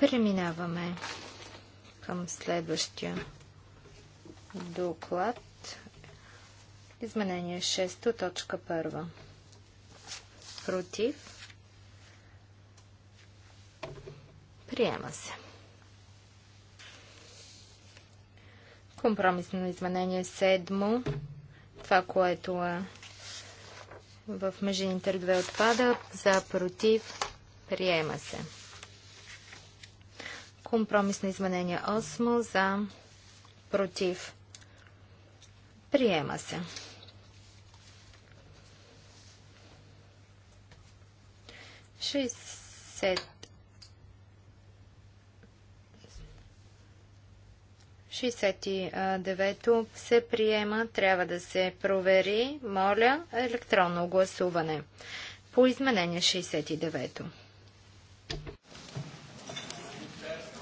Преминаваме към следващия доклад. Изменение 6, точка 1. Против. Приема се. Компромисно изменение 7. Това, което е в межините две отпада. За, против. Приема се. Компромисно изменение 8 за против. Приема се. Шестдесет. 69-то се приема, трябва да се провери, моля, електронно гласуване по изменение 69-то.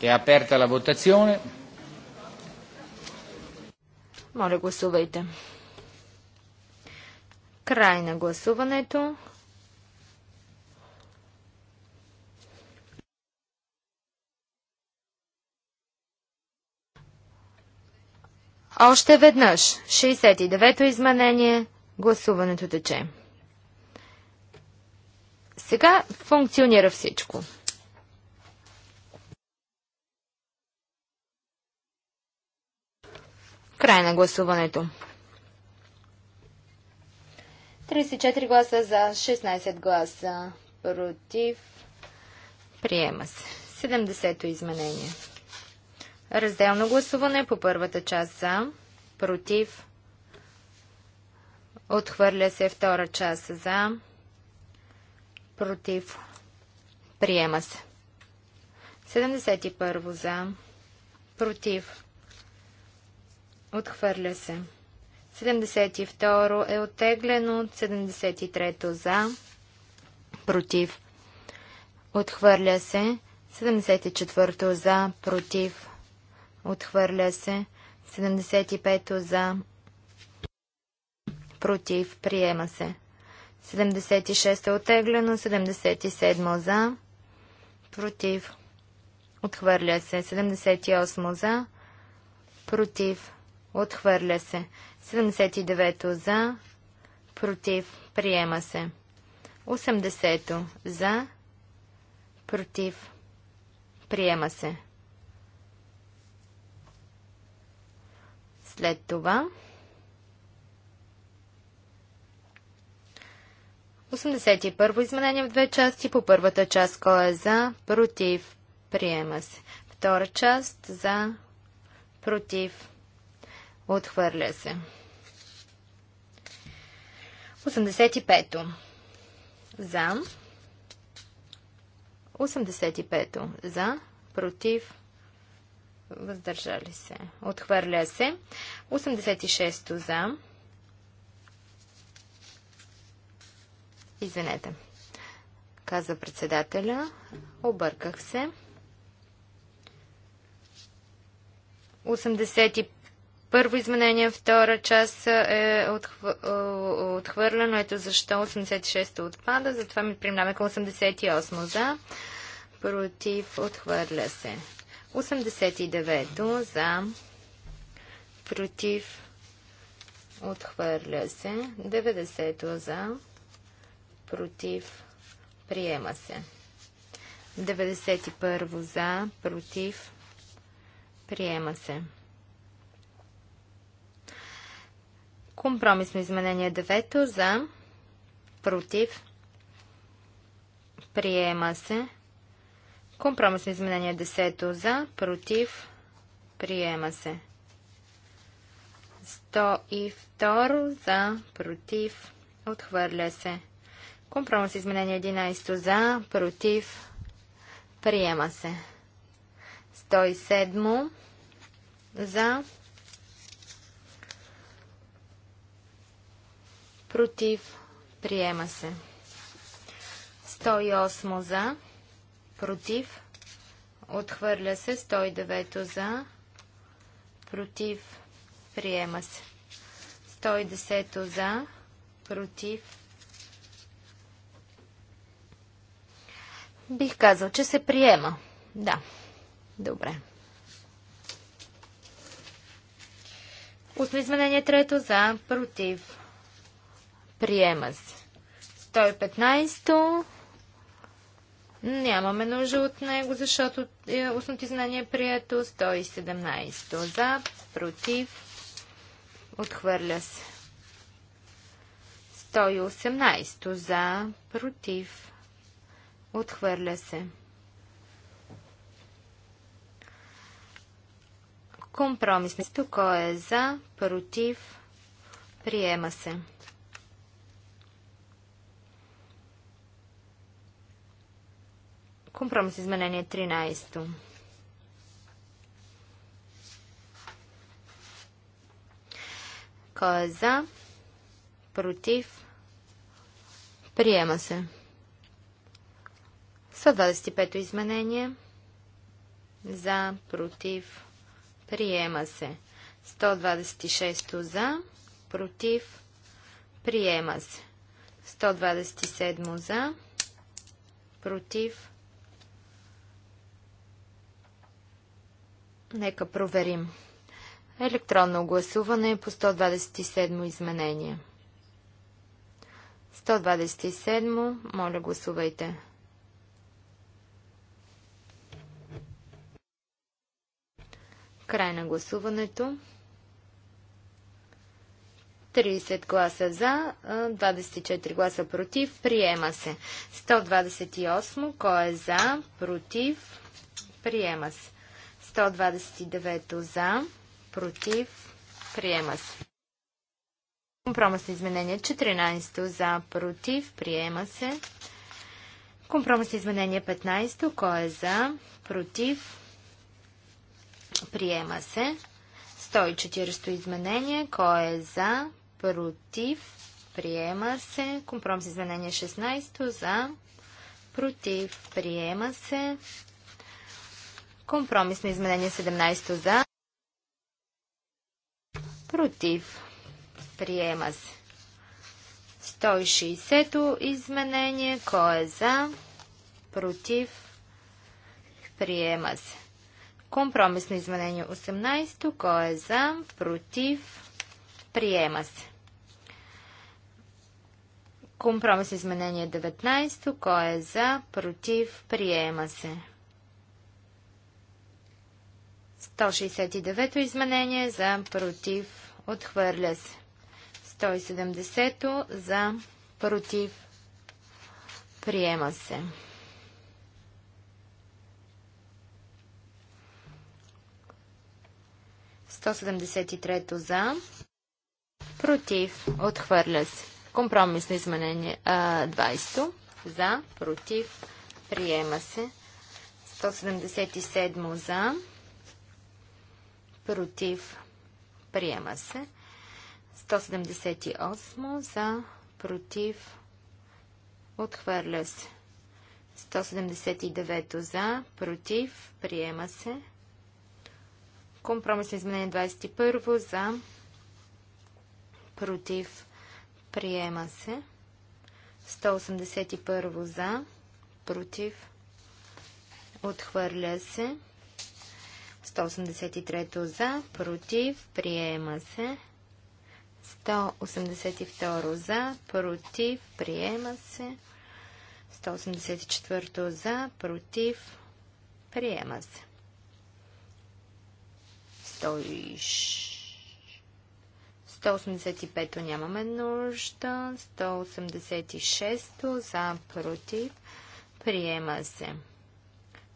Е аперта ла votazione. Моля, гласувайте. Край на гласуването. Още веднъж. 69-то изменение. Гласуването тече. Сега функционира всичко. Край на гласуването. 34 гласа за, 16 гласа против. Приема се. 70-то изменение. Разделно гласуване по първата част за, против. Отхвърля се втора част за, против. Приема се. 71 за, против. Отхвърля се. 72 е оттеглено. 73 за. Против. Отхвърля се. 74 за. Против. Отхвърля се. 75 за. Против. Приема се. 76 е оттеглено. 77 за. Против. Отхвърля се. 78 за. Против. Отхвърля се. 79-то за. Против. Приема се. 80-то за. Против. Приема се. След това. 81 изменение в две части. По първата част кой е за, против, приема се. Втора част за, против, Отхвърля се. 85-то. За. 85-то. За. Против. Въздържали се. Отхвърля се. 86-то. За. Извинете. Каза председателя. Обърках се. 85 първо изменение, втора част е отхвърлено. Ето защо 86 та отпада. Затова ми примнаме към 88 за. Против отхвърля се. 89-то за. Против отхвърля се. 90-то за. Против приема се. 91 за. Против приема се. Компромисно изменение 9 за против. Приема се. Компромисно изменение 10 за против. Приема се. 102 за против. Отхвърля се. Компромис изменение 11 за против. Приема се. 107 за против против, приема се. 108 за, против, отхвърля се. 109 за, против, приема се. 110 за, против. Бих казал, че се приема. Да. Добре. Усно изменение трето за, против. Приема се. 115-то. Нямаме нужда от него, защото е, устното знание е прието. 117 за, против, отхвърля се. 118 за, против, отхвърля се. Компромисно, кой е за, против, приема се. Компромис изменение 13. Кой е за? Против? Приема се. 125 изменение. За, против, приема се. 126 за, против, приема се. 127 за, против, Нека проверим. Електронно гласуване по 127 изменение. 127, моля гласувайте. Край на гласуването. 30 гласа за, 24 гласа против. Приема се. 128. Кой е за? Против. Приема се. 129 за, против, приема се. Компромисно изменение 14 за, против, приема се. Компромисно изменение 15, кой е за, против, приема се. 140 изменение, кой е за, против, приема се. Компромисно изменение 16 за, против, приема се. Компромисно изменение 17 за. Против. Приема се. 160-то изменение. Кой е за? Против. Приема се. Компромисно изменение 18-то. Кой е за? Против. Приема се. Компромисно изменение 19-то. Кой е за? Против. Приема се. 169 то изменение за против отхвърля се. 170 за против приема се. то за. Против. Отхвърля се. Компромисно изменение а, 20. За. Против. Приема се. 177 за против, приема се. 178 за, против, отхвърля се. 179 за, против, приема се. Компромисно изменение 21 за, против, приема се. 181 за, против, отхвърля се. 183 за, против, приема се. 182 за, против, приема се. 184 за, против, приема се. 185 нямаме нужда. 186 за, против, приема се.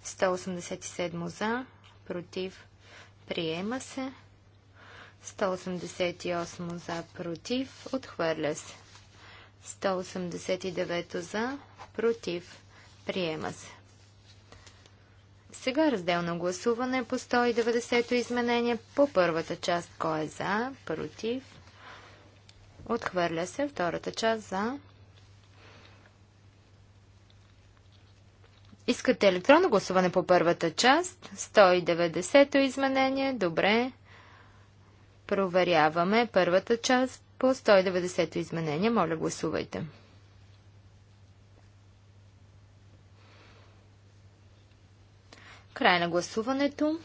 187 за, против, приема се. 188 за, против, отхвърля се. 189 за, против, приема се. Сега разделно гласуване по 190 изменение по първата част. Кой е за, против, отхвърля се. Втората част за, Искате електронно гласуване по първата част? 190-то изменение. Добре. Проверяваме първата част по 190-то изменение. Моля, гласувайте. Край на гласуването.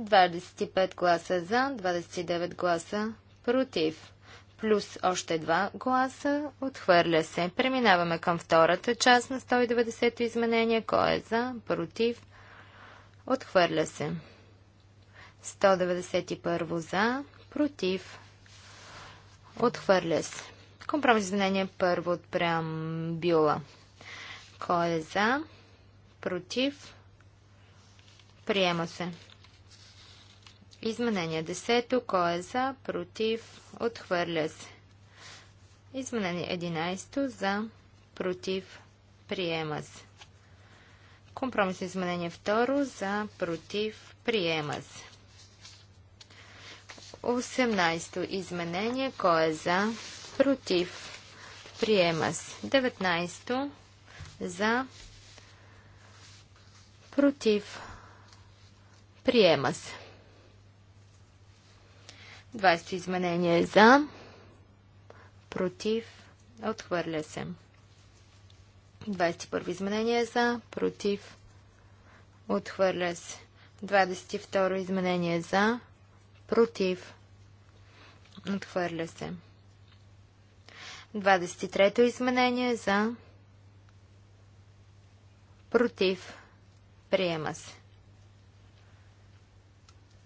25 гласа за, 29 гласа против плюс още 2 гласа. Отхвърля се. Преминаваме към втората част на 190-то изменение. Кой е за? Против? Отхвърля се. 191 за? Против? Отхвърля се. Компромис изменение първо от преамбюла. Кой е за? Против? Приема се. Изменение 10. Кой е за? Против. Отхвърля се. Изменение 11. За. Против. Приема се. Компромисно изменение 2. За. Против. Приема се. 18. Изменение. Кой е за? Против. Приема се. 19. За. Против. Приема се. 20 изменение е за, против, отхвърля се. 21 изменение е за, против, отхвърля се. 22 изменение е за, против, отхвърля се. 23 изменение за, против, приема се.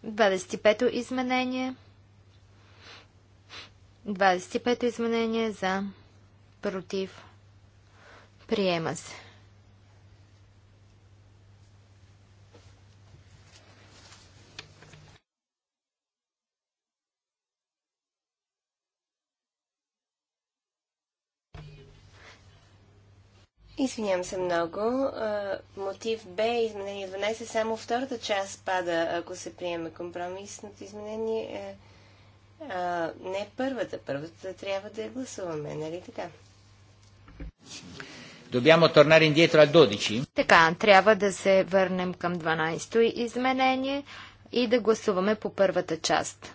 25 изменение за, 25-то изменение за против. Приема се. Извинявам се много. Мотив Б, изменение 12, само втората част пада, ако се приеме компромисното изменение. Е... А, не първата, първата трябва да я гласуваме, нали така? Добиамо tornare индиетро al 12. Така, трябва да се върнем към 12-то изменение и да гласуваме по първата част.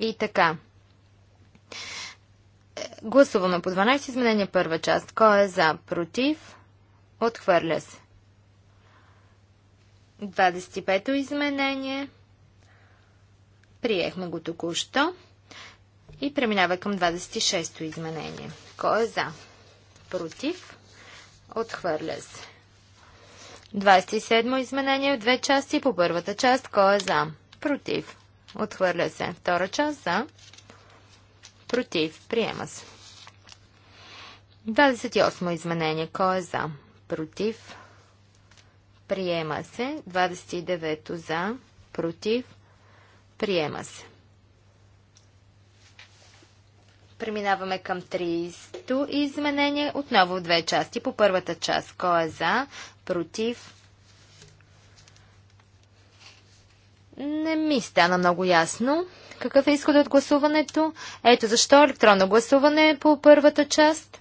И така. Е, гласуваме по 12 изменение първа част. Кой е за? Против? Отхвърля се. 25-то изменение. Приехме го току-що. И преминава към 26-то изменение. Кой е за? Против? Отхвърля се. 27-мо изменение в две части. По първата част, кой е за? Против. Отхвърля се. Втора част, за? Против. Приема се. 28-мо изменение, кой е за? Против. Приема се. 29-то за? Против. Приема се. Преминаваме към 30-то изменение. Отново две части. По първата част. Кой е за? Против? Не ми стана много ясно. Какъв е изходът от гласуването? Ето защо електронно гласуване по първата част.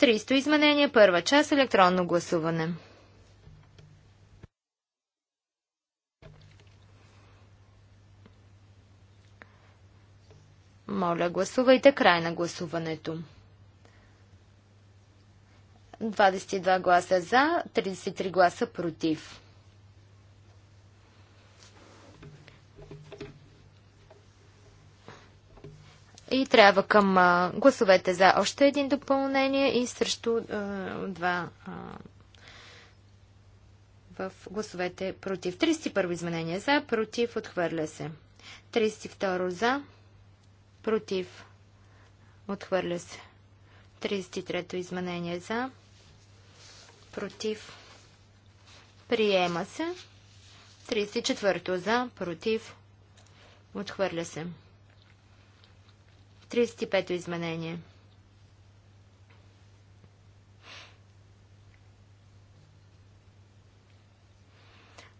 300 изменение, първа част, електронно гласуване. Моля, гласувайте край на гласуването. 22 гласа за, 33 гласа против. И трябва към а, гласовете за още един допълнение и срещу а, два а, в гласовете против. 31 изменение за, против, отхвърля се. 32 за, против, отхвърля се. 33-то изменение за, против, приема се. 34-то за, против, отхвърля се. 35-то изменение.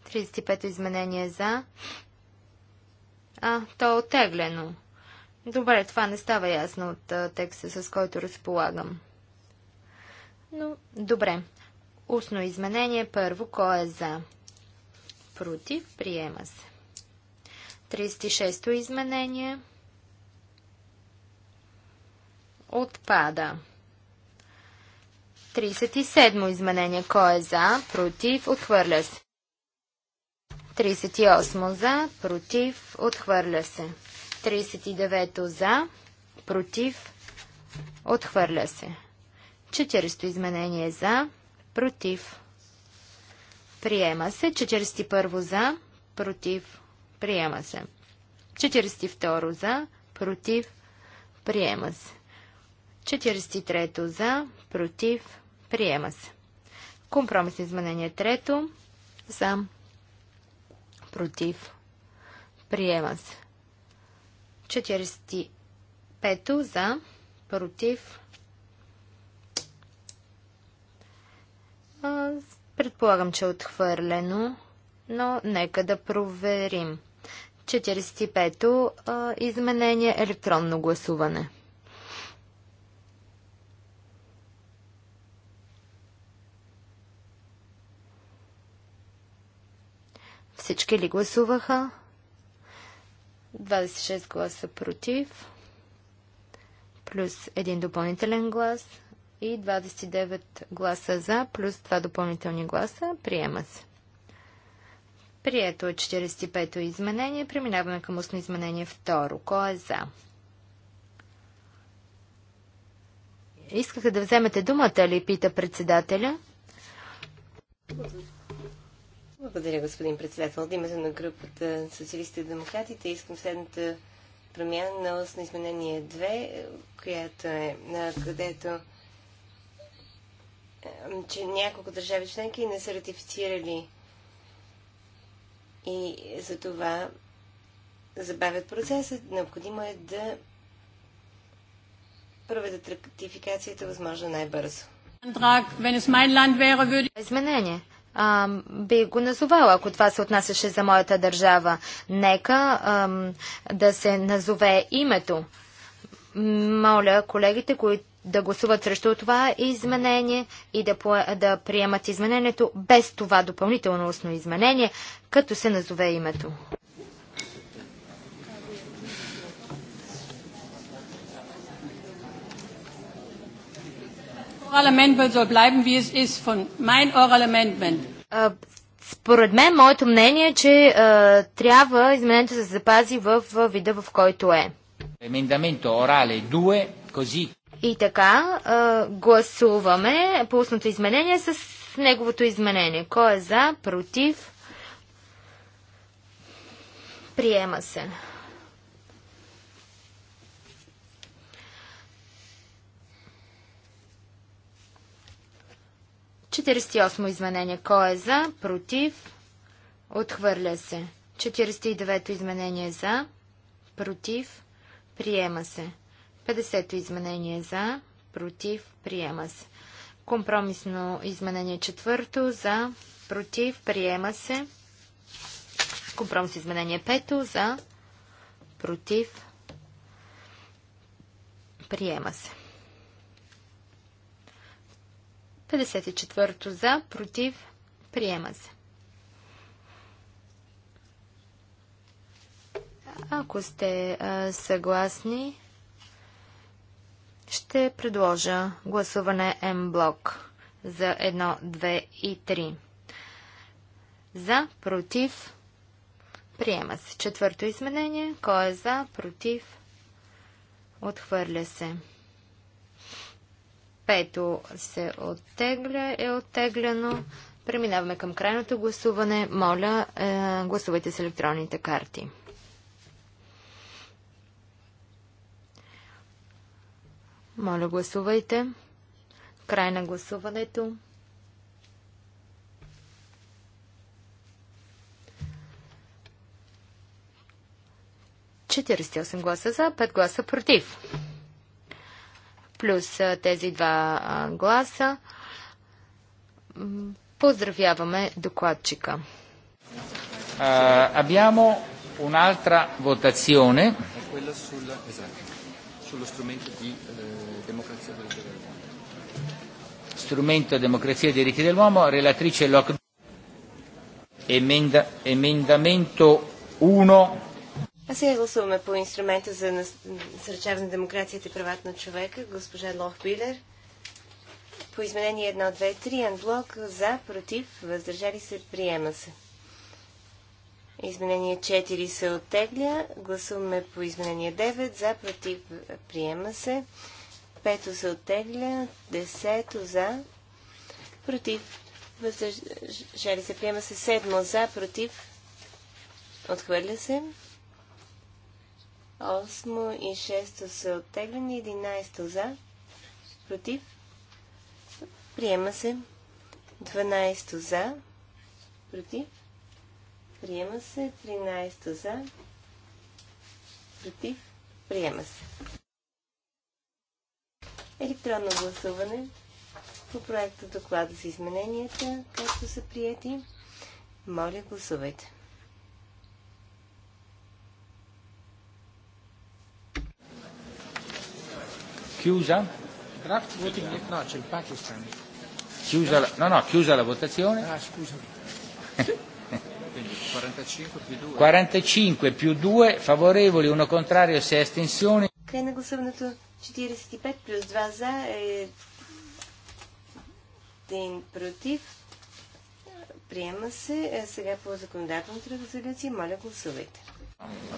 Тридесет пето изменение за. А, то е отеглено. Добре, това не става ясно от текста, с който разполагам. Но, добре. Устно изменение първо. Кой е за? Против. Приема се. 36-то изменение. Отпада. 37-мо изменение. Кой е за? Против. Отхвърля се. 38 за, против, отхвърля се. 39 за, против, отхвърля се. 400 изменение за, против, приема се. 41 за, против, приема се. 42 за, против, приема се. 43 за, против, приема се. Компромисно изменение трето за, против, приема се. 45 за, против. Предполагам, че е отхвърлено, но нека да проверим. 45-то изменение електронно гласуване. Всички ли гласуваха? 26 гласа против, плюс един допълнителен глас и 29 гласа за, плюс 2 допълнителни гласа. Приема се. Прието е 45-то изменение. Преминаваме към устно изменение второ. Кой е за? Искаха да вземете думата ли, пита председателя? Благодаря, господин председател. От името на групата Социалистите и демократите искам следната промяна на на изменение 2, която е, на където че няколко държави членки не са ратифицирали и за това забавят процеса. Необходимо е да проведат ратификацията възможно най-бързо. Изменение а, би го назовала, ако това се отнасяше за моята държава. Нека а, да се назове името. Моля колегите, които да гласуват срещу това изменение и да, да приемат изменението без това допълнително устно изменение, като се назове името. Според мен, моето мнение е, че трябва изменението да се запази в, в вида, в който е. 2, е И така, е, гласуваме пусното изменение с неговото изменение. Кой е за, против? Приема се. 48 изменение. Кой е за? Против? Отхвърля се. 49 изменение е за? Против? Приема се. 50 изменение е за? Против? Приема се. Компромисно изменение четвърто за? Против? Приема се. Компромисно изменение пето за? Против? Приема се. 54 за, против, приема се. Ако сте а, съгласни, ще предложа гласуване М блок за 1, 2 и 3. За, против, приема се. Четвърто изменение. Кой е за, против, отхвърля се. Пето се оттегля, е оттегляно. Преминаваме към крайното гласуване. Моля, е, гласувайте с електронните карти. Моля, гласувайте. Край на гласуването. Четиридесет гласа за, 5 гласа против плюс тези два гласа. Поздравяваме докладчика. Uh, un'altra votazione. strumento democrazia e diritti dell'uomo, relatrice Loc. Emenda, emendamento 1 а сега гласуваме по инструмента за насърчаване на демокрацията и правата на човека, госпожа Лох Билер. По изменение 1, 2, 3, анблок, за, против, въздържали се, приема се. Изменение 4 се оттегля. Гласуваме по изменение 9, за, против, приема се. Пето се оттегля. Десето за. Против. Въздържали се. Приема се. Седмо за. Против. Отхвърля се. 8 и 6 са оттеглени. 11 за. Против. Приема се. 12 за. Против. Приема се. 13 за. Против. Приема се. Електронно гласуване по проекта доклада за измененията, както са прияти. Моля, гласувайте. Chiusa? Draft voting no, c'è il Pakistan. Chiusa la, no, no, chiusa la votazione. Ah, scusami. 45 più 2. 45 più 2 favorevoli, uno contrario, 6 astensioni. Край на гласуването 45 più 2 за, е... 1 против. Приема се. Сега по законодателната резолюция, моля гласувайте.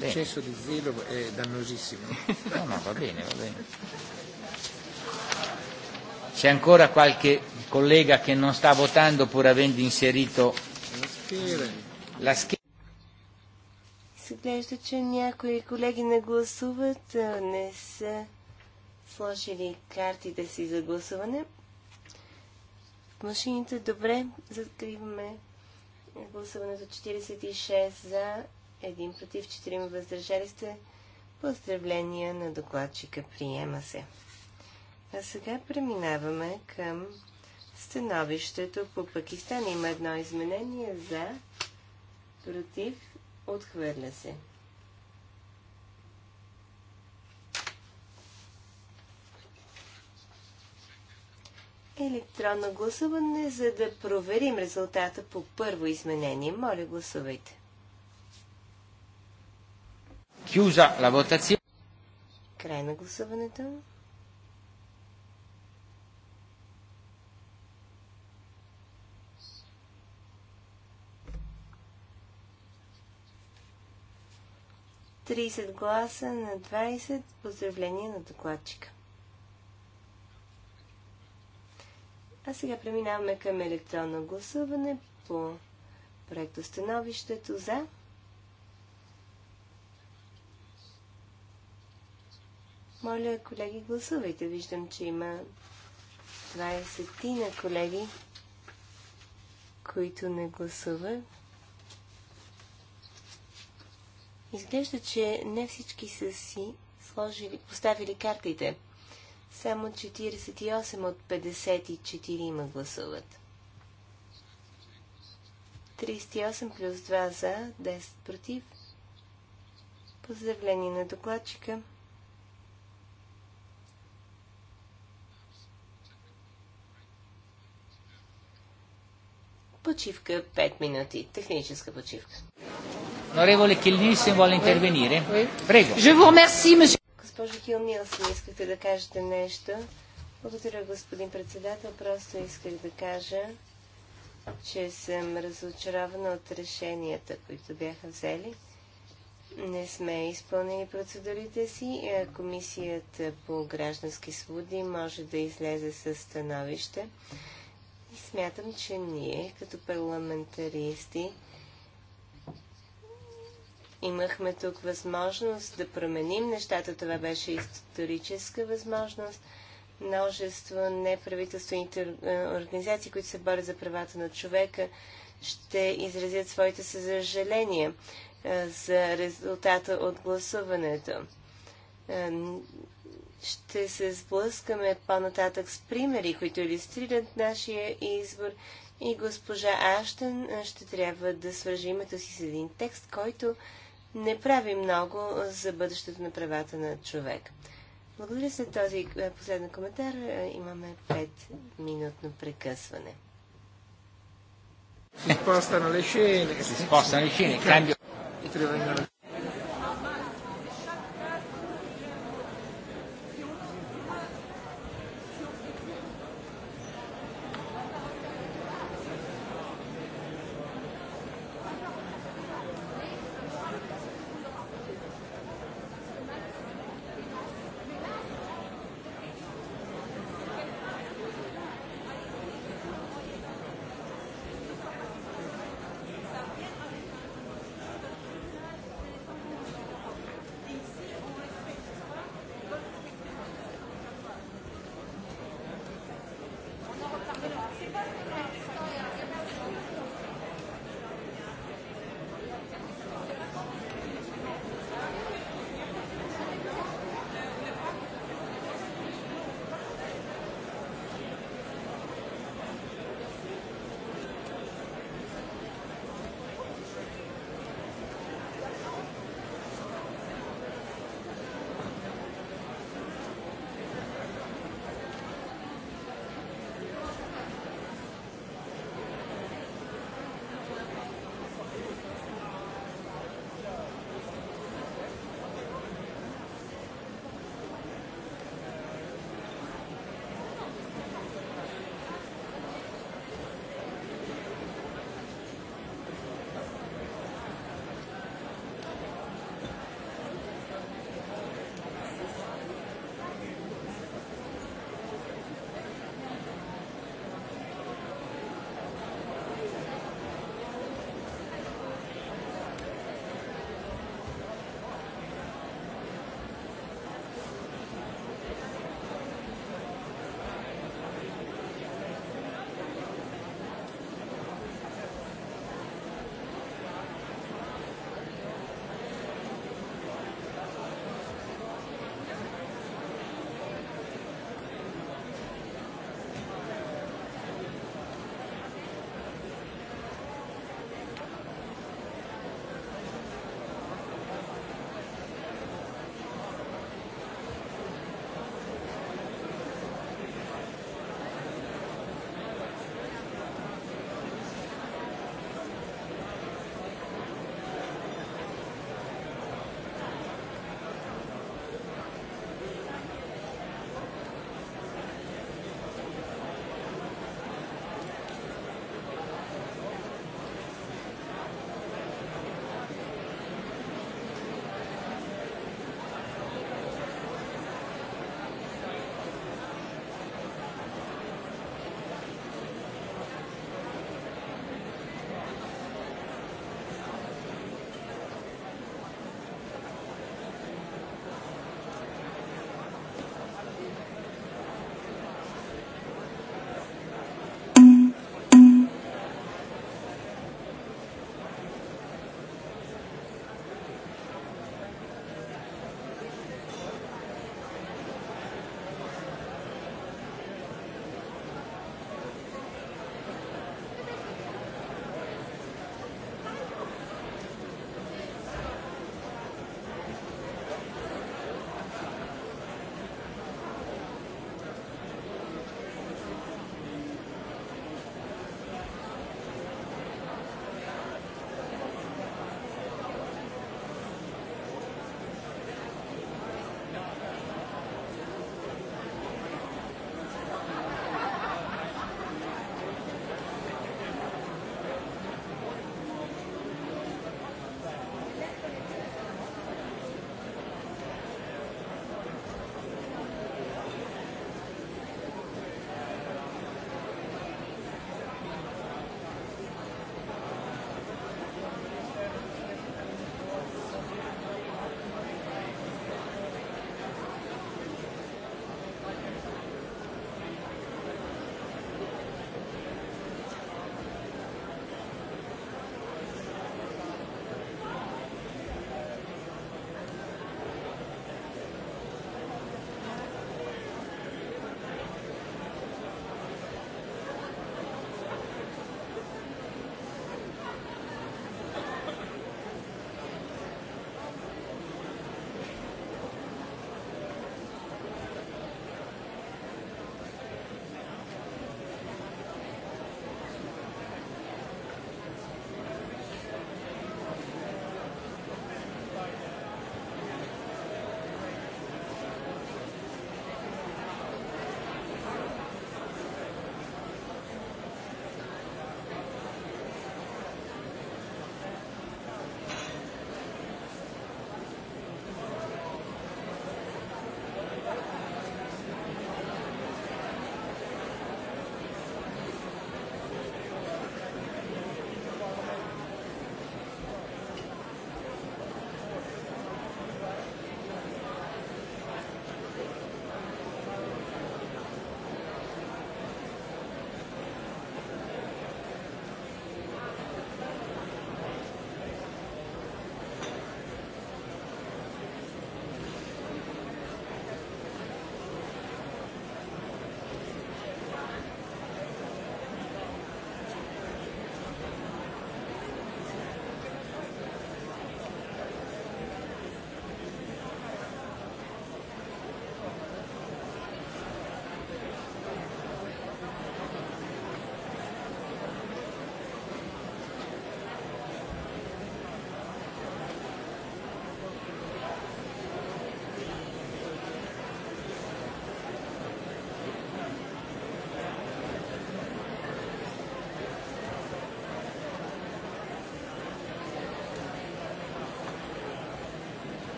L'eccesso di zelo è dannosissimo. No, no, va bene, va bene. C'è ancora qualche collega che non sta votando pur avendo inserito la scheda. Изглежда, че някои колеги не гласуват, не са сложили картите си за гласуване. машините добре, закриваме гласуването 46 за, един против, 4 въздържали сте. Поздравления на докладчика. Приема се. А сега преминаваме към становището по Пакистан. Има едно изменение за, против, отхвърля се. електронно гласуване, за да проверим резултата по първо изменение. Моля, гласувайте. Chiusa la votazione. Край на гласуването. Тридесет гласа на 20. Поздравления на докладчика. А сега преминаваме към електронно гласуване по проектостановището за Моля, колеги, гласувайте. Виждам, че има 20 на колеги, които не гласуват. Изглежда, че не всички са си сложили, поставили картите. Само 48 от 54 има гласуват. 38 плюс 2 за, 10 против. Поздравление на докладчика. Почивка 5 е минути. Техническа почивка. Onorevole се воля интервенире. Прего. Je vous remercie, monsieur. Госпожо не искате да кажете нещо? Благодаря, господин председател. Просто исках да кажа, че съм разочарована от решенията, които бяха взели. Не сме изпълнили процедурите си. Е, комисията по граждански свободи може да излезе с становище. И смятам, че ние, като парламентаристи, имахме тук възможност да променим нещата. Това беше историческа възможност. Множество неправителствените е, организации, които се борят за правата на човека, ще изразят своите съжаления е, за резултата от гласуването. Е, ще се сблъскаме по-нататък с примери, които иллюстрират нашия избор и госпожа Аштен ще трябва да свържи името си с един текст, който не прави много за бъдещето на правата на човек. Благодаря за този последен коментар. Имаме 5-минутно прекъсване. Si spostano le scene, si spostano le scene, cambio.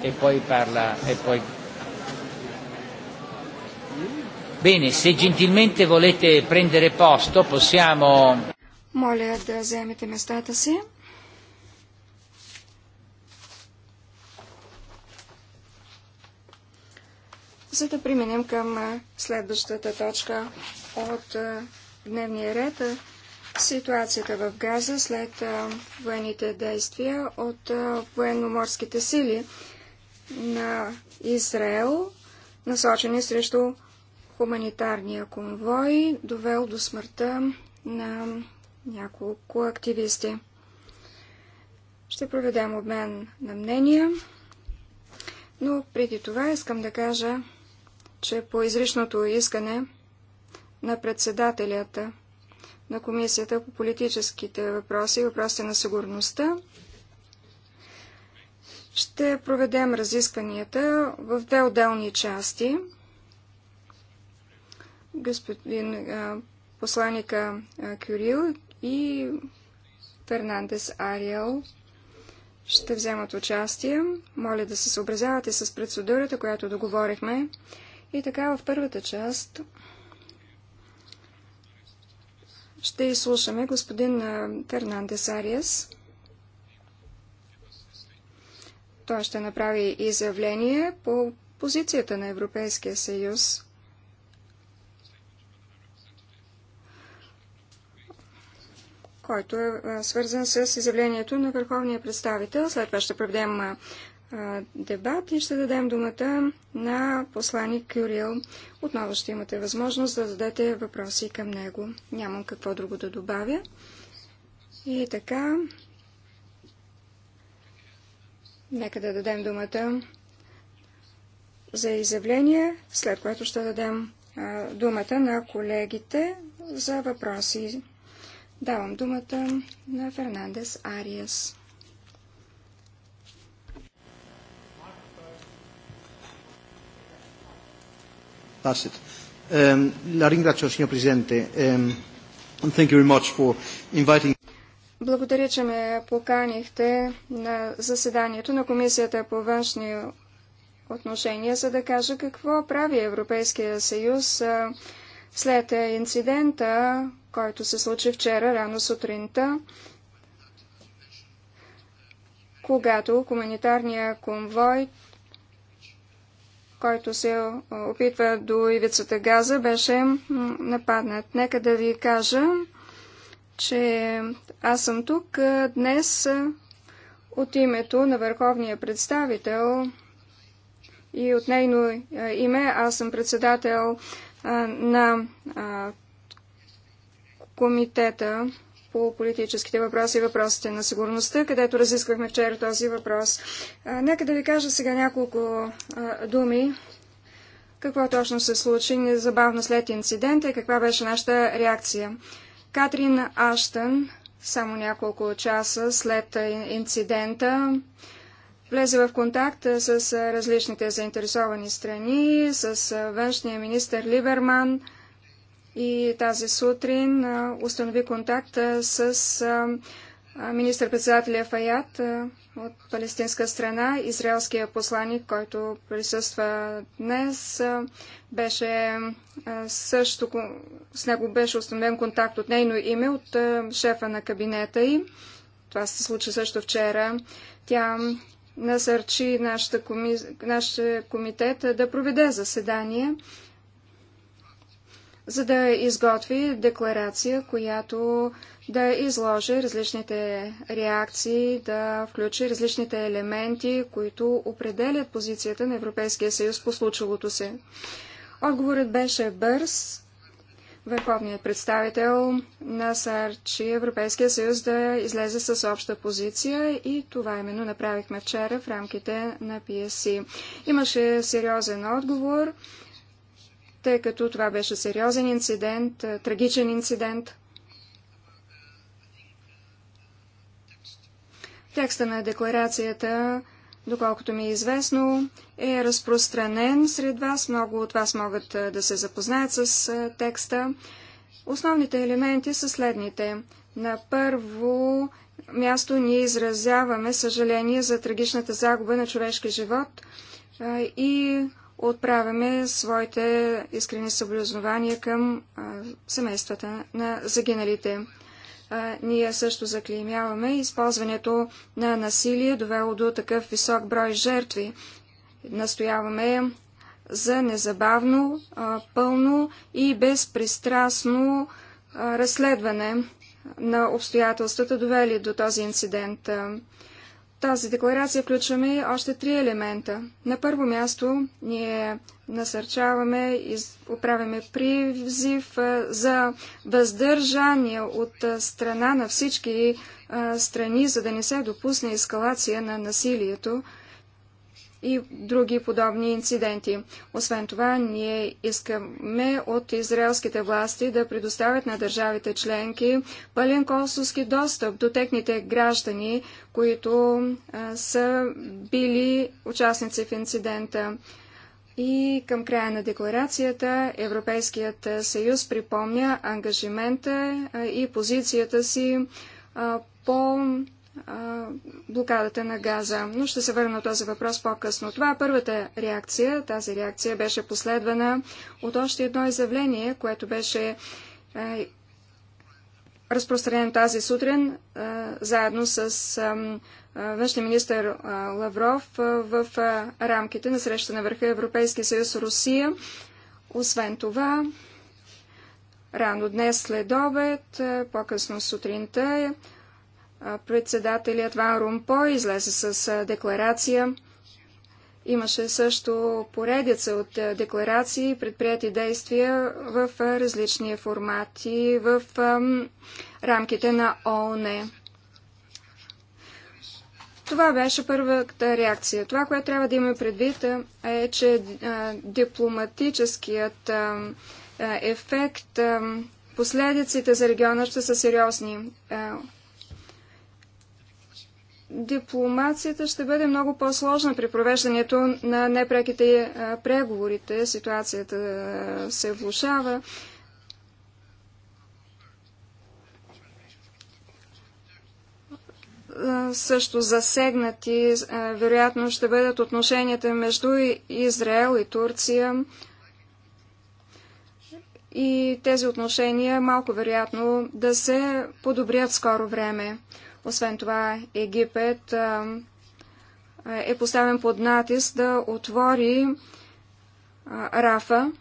e poi parla e poi Bene, se gentilmente volete prendere posto, possiamo За да преминем към следващата точка от дневния ред, ситуацията в Газа след военните действия от военноморските сили на Израел, насочени срещу хуманитарния конвой, довел до смъртта на няколко активисти. Ще проведем обмен на мнения, но преди това искам да кажа, че по изричното искане на председателята на Комисията по политическите въпроси и въпросите на сигурността. Ще проведем разискванията в две отделни части. Господин посланика Кюрил и Фернандес Ариел ще вземат участие. Моля да се съобразявате с процедурата, която договорихме. И така в първата част ще изслушаме господин Фернандес Ариас. Той ще направи изявление по позицията на Европейския съюз. който е свързан с изявлението на върховния представител. След това ще проведем дебат и ще дадем думата на посланик Кюрил. Отново ще имате възможност да зададете въпроси към него. Нямам какво друго да добавя. И така, нека да дадем думата за изявление, след което ще дадем думата на колегите за въпроси. Давам думата на Фернандес Ариас. Bassett. Um, la ringrazio, signor Presidente. Um, and thank you very much for inviting благодаря, че ме поканихте на заседанието на Комисията по външни отношения, за да кажа какво прави Европейския съюз след инцидента, който се случи вчера рано сутринта, когато хуманитарния конвой който се опитва до ивицата Газа, беше нападнат. Нека да ви кажа, че аз съм тук днес от името на върховния представител и от нейно име аз съм председател на комитета по политическите въпроси и въпросите на сигурността, където разисквахме вчера този въпрос. Нека да ви кажа сега няколко думи какво точно се случи незабавно след инцидента и каква беше нашата реакция. Катрин Аштън, само няколко часа след инцидента, влезе в контакт с различните заинтересовани страни, с външния министр Либерман – и тази сутрин установи контакт с министър-председателя Фаят от палестинска страна, израелския посланник, който присъства днес, беше също, с него беше установен контакт от нейно име от шефа на кабинета й. Това се случи също вчера. Тя насърчи нашата нашия комитет да проведе заседание за да изготви декларация, която да изложи различните реакции, да включи различните елементи, които определят позицията на Европейския съюз по случилото се. Отговорът беше бърз. Върховният представител на че Европейския съюз да излезе с обща позиция и това именно направихме вчера в рамките на PSC. Имаше сериозен отговор тъй като това беше сериозен инцидент, е, трагичен инцидент. Текста на декларацията, доколкото ми е известно, е разпространен сред вас. Много от вас могат е, да се запознаят с е, текста. Основните елементи са следните. На първо място ние изразяваме съжаление за трагичната загуба на човешки живот и отправяме своите искрени съблюзнования към а, семействата на загиналите. А, ние също заклеймяваме използването на насилие, довело до такъв висок брой жертви. Настояваме за незабавно, а, пълно и безпристрастно разследване на обстоятелствата, довели до този инцидент тази декларация включваме още три елемента. На първо място ние насърчаваме и оправяме призив за въздържание от страна на всички страни, за да не се допусне ескалация на насилието и други подобни инциденти. Освен това, ние искаме от израелските власти да предоставят на държавите членки пълен консулски достъп до техните граждани, които а, са били участници в инцидента. И към края на декларацията Европейският съюз припомня ангажимента и позицията си по блокадата на газа. Но ще се върна на този въпрос по-късно. Това е първата реакция. Тази реакция беше последвана от още едно изявление, което беше разпространено тази сутрин заедно с външния министр Лавров в рамките на среща на върха Европейския съюз Русия. Освен това, рано днес след обед, по-късно сутринта, Председателят Ван Румпо излезе с декларация. Имаше също поредица от декларации, предприяти действия в различни формати, в рамките на ООН. Това беше първата реакция. Това, което трябва да имаме предвид е, че дипломатическият ефект, последиците за региона ще са сериозни дипломацията ще бъде много по-сложна при провеждането на непреките е, преговорите. Ситуацията е, се влушава. Е, също засегнати, вероятно, ще бъдат отношенията между Израел и Турция. И тези отношения малко вероятно да се подобрят скоро време. Освен това, Египет е поставен под натиск да отвори Рафа,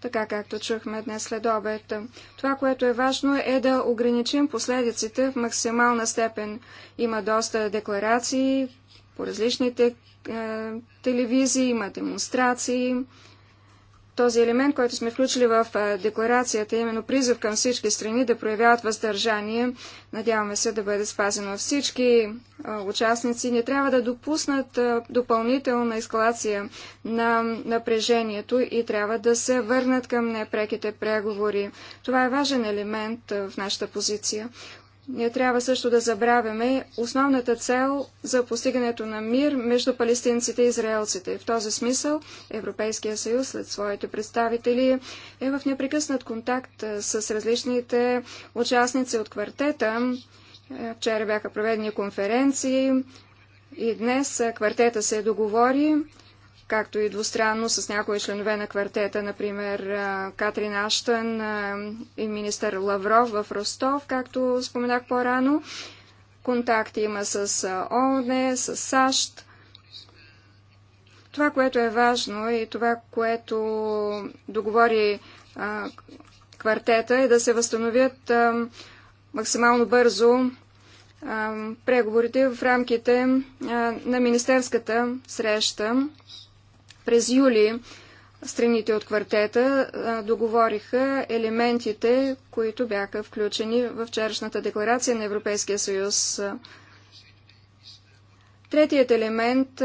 така както чухме днес след обед. Това, което е важно, е да ограничим последиците в максимална степен. Има доста декларации по различните телевизии, има демонстрации този елемент, който сме включили в декларацията, е именно призив към всички страни да проявяват въздържание. Надяваме се да бъде спазено всички участници. Не трябва да допуснат допълнителна ескалация на напрежението и трябва да се върнат към непреките преговори. Това е важен елемент в нашата позиция. Ние трябва също да забравяме основната цел за постигането на мир между палестинците и израелците. В този смисъл Европейския съюз след своите представители е в непрекъснат контакт с различните участници от квартета. Е, вчера бяха проведени конференции и днес квартета се договори както и двустранно с някои членове на квартета, например Катрин Аштън и министър Лавров в Ростов, както споменах по-рано. Контакти има с ООН, с САЩ. Това, което е важно и това, което договори квартета е да се възстановят максимално бързо преговорите в рамките на министерската среща през юли страните от квартета договориха елементите, които бяха включени в вчерашната декларация на Европейския съюз. Третият елемент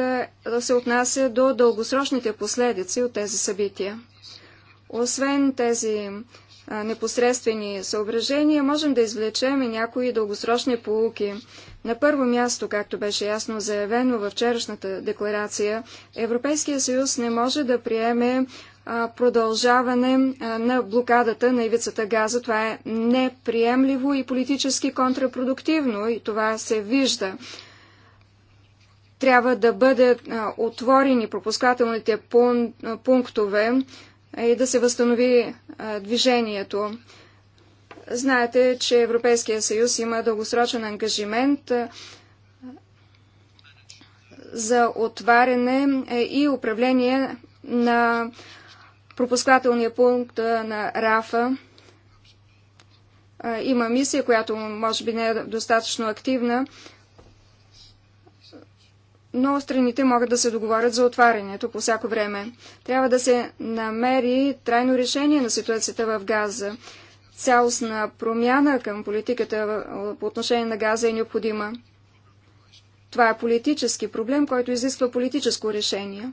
се отнася до дългосрочните последици от тези събития. Освен тези непосредствени съображения, можем да извлечем и някои дългосрочни полуки. На първо място, както беше ясно заявено във вчерашната декларация, Европейския съюз не може да приеме продължаване на блокадата на ивицата газа. Това е неприемливо и политически контрапродуктивно и това се вижда. Трябва да бъдат отворени пропускателните пунктове, е и да се възстанови движението. Знаете, че Европейския съюз има дългосрочен ангажимент за отваряне е, и управление на пропускателния пункт на Рафа. Има мисия, която може би не е достатъчно активна, но страните могат да се договорят за отварянето по всяко време. Трябва да се намери трайно решение на ситуацията в Газа. Цялостна промяна към политиката по отношение на Газа е необходима. Това е политически проблем, който изисква политическо решение.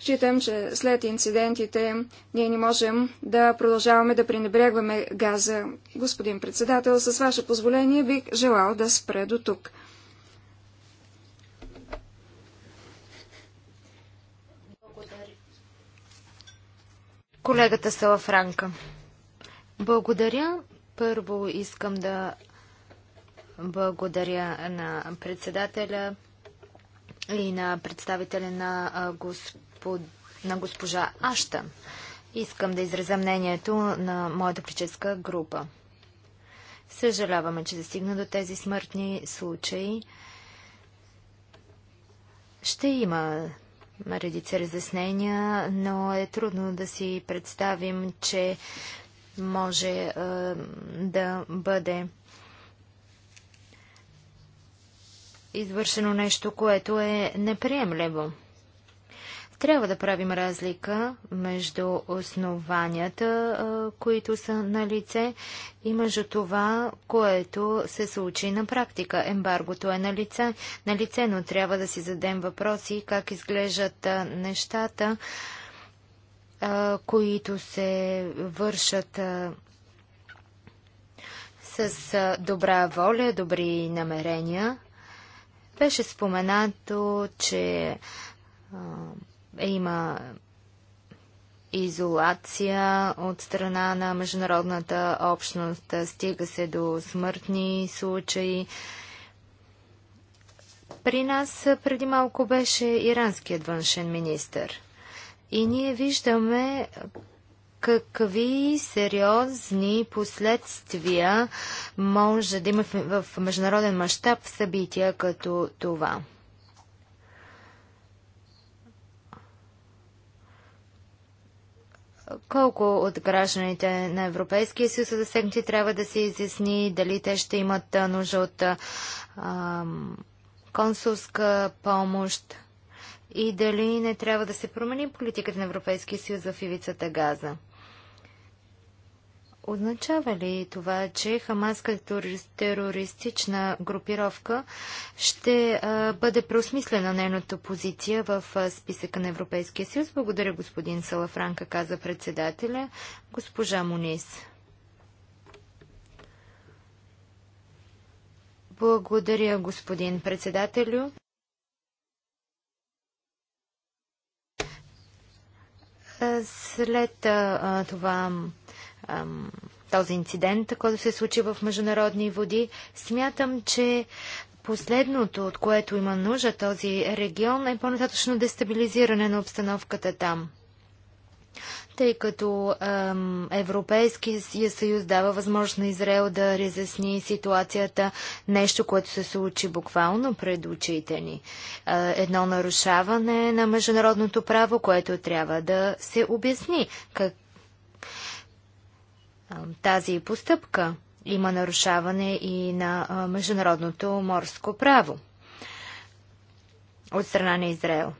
Считам, че след инцидентите ние не можем да продължаваме да пренебрегваме газа. Господин председател, с ваше позволение бих желал да спре до тук. Колегата Салафранка. Благодаря. Първо искам да благодаря на председателя и на представителя на, господ... на госпожа Ашта. Искам да изразя мнението на моята прическа група. Съжаляваме, че застигна до тези смъртни случаи. Ще има редица разяснения, но е трудно да си представим, че може а, е, да бъде извършено нещо, което е неприемливо. Трябва да правим разлика между основанията, които са на лице и между това, което се случи на практика. Ембаргото е на лице, на лице но трябва да си задем въпроси как изглеждат нещата, които се вършат с добра воля, добри намерения. Беше споменато, че е, има изолация от страна на международната общност. Стига се до смъртни случаи. При нас преди малко беше иранският външен министр. И ние виждаме какви сериозни последствия може да има в международен мащаб събития като това. Колко от гражданите на Европейския съюз са засегнати, трябва да се изясни дали те ще имат нужда от консулска помощ и дали не трябва да се промени политиката на Европейския съюз в ивицата Газа. Означава ли това, че Хамас като терористична групировка ще бъде преосмислена нейната позиция в списъка на Европейския съюз? Благодаря, господин Салафранка, каза председателя. Госпожа Мунис. Благодаря, господин председателю. След това ам, този инцидент, който се случи в международни води. Смятам, че последното, от което има нужда този регион, е по-нататъчно дестабилизиране на обстановката там тъй като ем, Европейския съюз дава възможност на Израел да разясни ситуацията, нещо, което се случи буквално пред очите ни. Е, едно нарушаване на международното право, което трябва да се обясни. Как тази постъпка. Има нарушаване и на международното морско право от страна на Израел.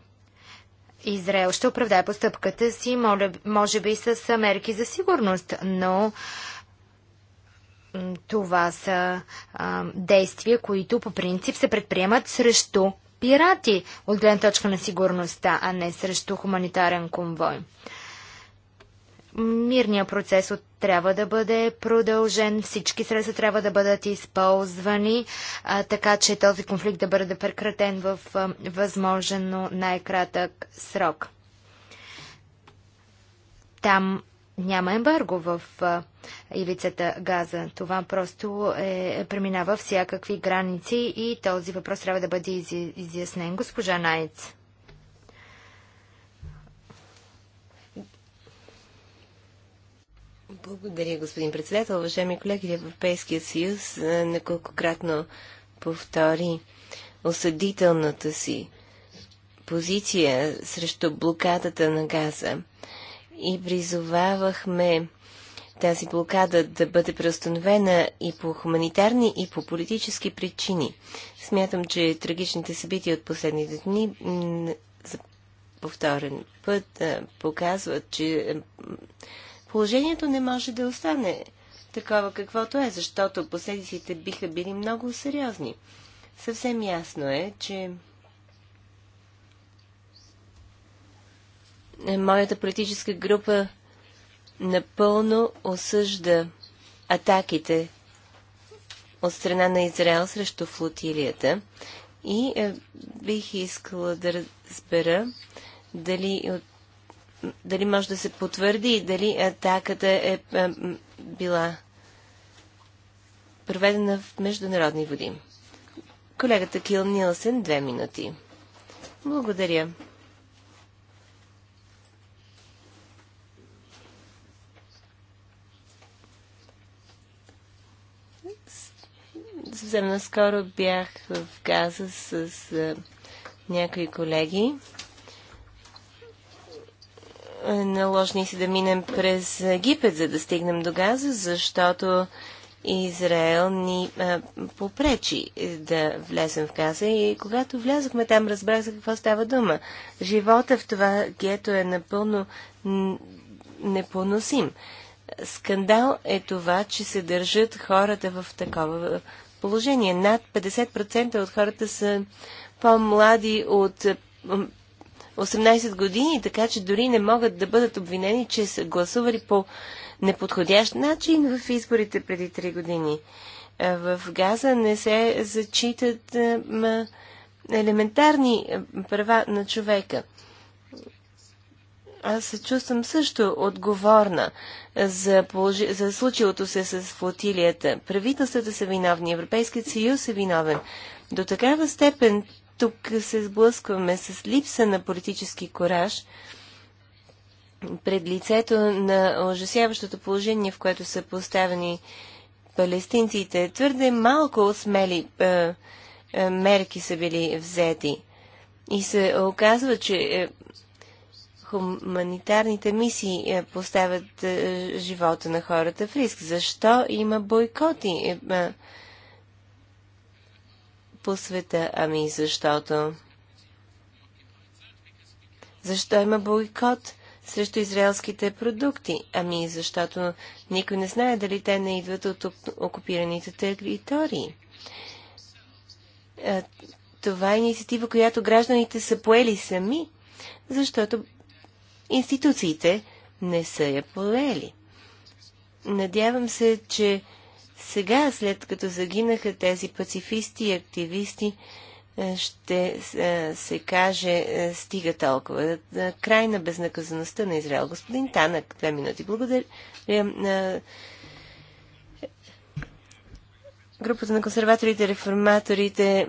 Израел ще оправдае постъпката си, може би с мерки за сигурност, но това са действия, които по принцип се предприемат срещу пирати от гледна точка на сигурността, а не срещу хуманитарен конвой. Мирният процес трябва да бъде продължен, всички средства трябва да бъдат използвани, а, така че този конфликт да бъде прекратен в а, възможно най-кратък срок. Там няма ембарго в а, ивицата Газа. Това просто е, преминава всякакви граници и този въпрос трябва да бъде изяснен. Госпожа Найц. Благодаря, господин председател. Уважаеми колеги, Европейският съюз е, неколкократно повтори осъдителната си позиция срещу блокадата на газа и призовавахме тази блокада да бъде преустановена и по хуманитарни, и по политически причини. Смятам, че трагичните събития от последните дни за повторен път е, показват, че Положението не може да остане такова каквото е, защото последиците биха били много сериозни. Съвсем ясно е, че моята политическа група напълно осъжда атаките от страна на Израел срещу флотилията и е, бих искала да разбера дали от дали може да се потвърди дали атаката е, е била проведена в международни води. Колегата Кил Нилсен, две минути. Благодаря. Съвсем наскоро бях в Газа с, с някои колеги. Е, наложни си се да минем през Египет, за да стигнем до Газа, защото Израел ни а, е, попречи е, да влезем в Газа и когато влязохме там, разбрах за какво става дума. Живота в това гето е напълно непоносим. Скандал е това, че се държат хората в такова положение. Над 50% от хората са по-млади от 18 години, така че дори не могат да бъдат обвинени, че са гласували по неподходящ начин в изборите преди 3 години. В Газа не се зачитат елементарни права на човека. Аз се чувствам също отговорна за, положи... за случилото се с флотилията. Правителствата са виновни, Европейският съюз е виновен. До такава степен тук се сблъскваме с липса на политически кораж пред лицето на ужасяващото положение, в което са поставени палестинците. Твърде малко смели е, е, мерки са били взети. И се оказва, че е, хуманитарните мисии е, поставят е, живота на хората в риск. Защо има бойкоти? Е, по света? Ами защото... Защо има бойкот срещу израелските продукти? Ами защото никой не знае дали те не идват от окупираните територии. Това е инициатива, която гражданите са поели сами, защото институциите не са я поели. Надявам се, че сега, след като загинаха тези пацифисти и активисти, е, ще е, се каже е, стига толкова. Край на безнаказаността на Израел. Господин Танък, две минути. Благодаря. Групата на консерваторите и реформаторите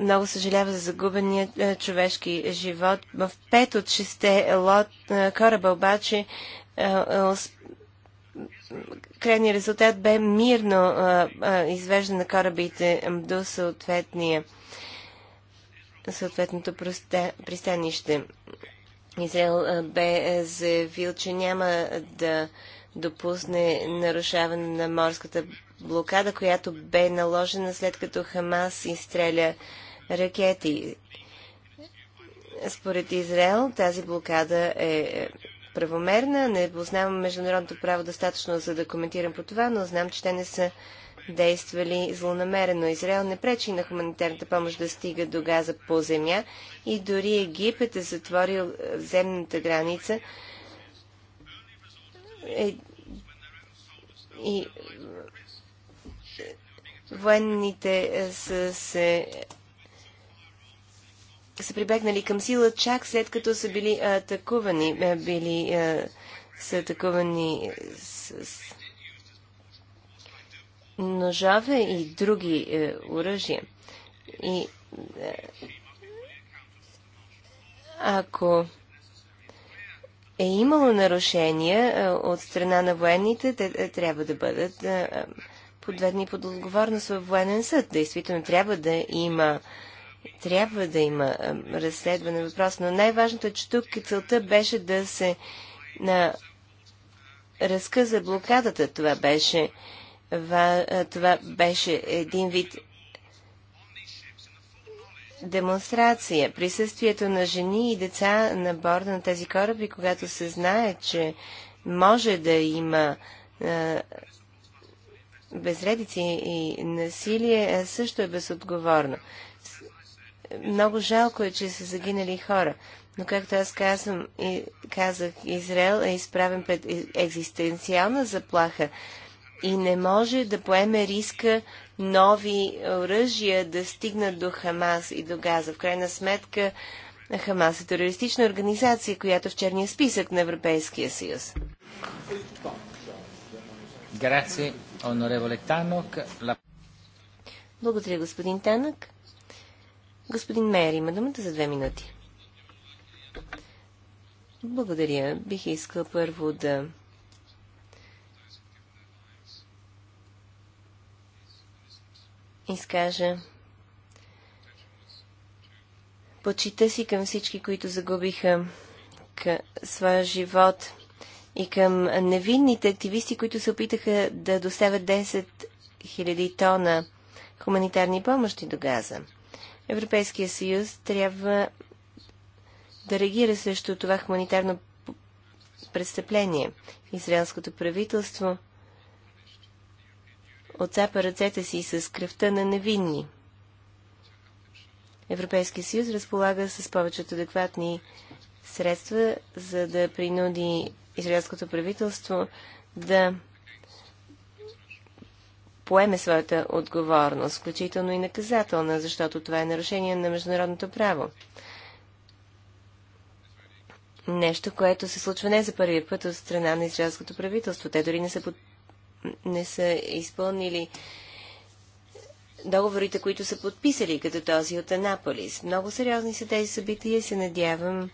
много съжалява за загубения човешки живот. В пет от шесте лот кораба обаче успя крайният резултат бе мирно извеждане извежда на корабите до съответния съответното пристанище. Израел бе заявил, че няма да допусне нарушаване на морската блокада, която бе наложена след като Хамас изстреля ракети. Според Израел тази блокада е правомерна. Не познавам международното право достатъчно, за да коментирам по това, но знам, че те не са действали злонамерено. Израел не пречи на хуманитарната помощ да стига до газа по земя и дори Египет е затворил е, земната граница е, и е, военните е, са се са прибегнали към сила чак след като са били атакувани, били са атакувани с, ножове и други е, оръжия. И е, ако е имало нарушения е, от страна на военните, те трябва да бъдат подведни под отговорност в военен съд. Действително трябва да има трябва да има разследване въпрос, но най-важното е, че тук целта беше да се на разказа блокадата. Това беше, това беше един вид демонстрация. Присъствието на жени и деца на борда на тези кораби, когато се знае, че може да има безредици и насилие, е също е безотговорно. Много жалко е, че са загинали хора. Но както аз казвам, и, казах, Израел е изправен пред е, екзистенциална заплаха и не може да поеме риска нови оръжия да стигнат до Хамас и до Газа. В крайна сметка Хамас е терористична организация, която е в черния списък на Европейския съюз. Благодаря, господин Танък. Господин Мейер има думата за две минути. Благодаря. Бих искал първо да изкажа почита си към всички, които загубиха своя живот и към невинните активисти, които се опитаха да доставят 10 000 тона хуманитарни помощи до Газа. Европейския съюз трябва да реагира срещу това хуманитарно престъпление. Израелското правителство отцапа ръцете си с кръвта на невинни. Европейския съюз разполага с повечето адекватни средства, за да принуди израелското правителство да поеме своята отговорност, включително и наказателна, защото това е нарушение на международното право. Нещо, което се случва не за първи път от страна на израелското правителство. Те дори не са, под... не са изпълнили договорите, които са подписали, като този от Анаполис. Много сериозни са тези събития и се надявам,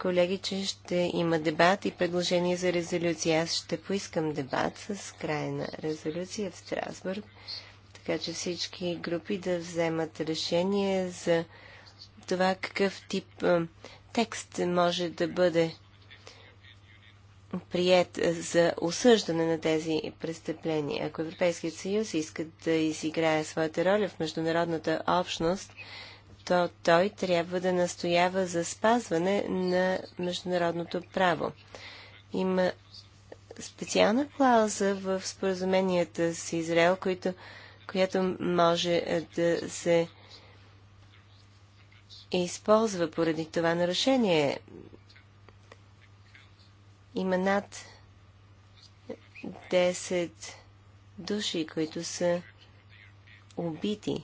колеги, че ще има дебат и предложение за резолюция. Аз ще поискам дебат с крайна резолюция в Страсбург, така че всички групи да вземат решение за това какъв тип текст може да бъде прият за осъждане на тези престъпления. Ако Европейският съюз иска да изиграе своята роля в международната общност, то той трябва да настоява за спазване на международното право. Има специална клауза в споразуменията с Израел, които, която може да се използва поради това нарушение. Има над 10 души, които са убити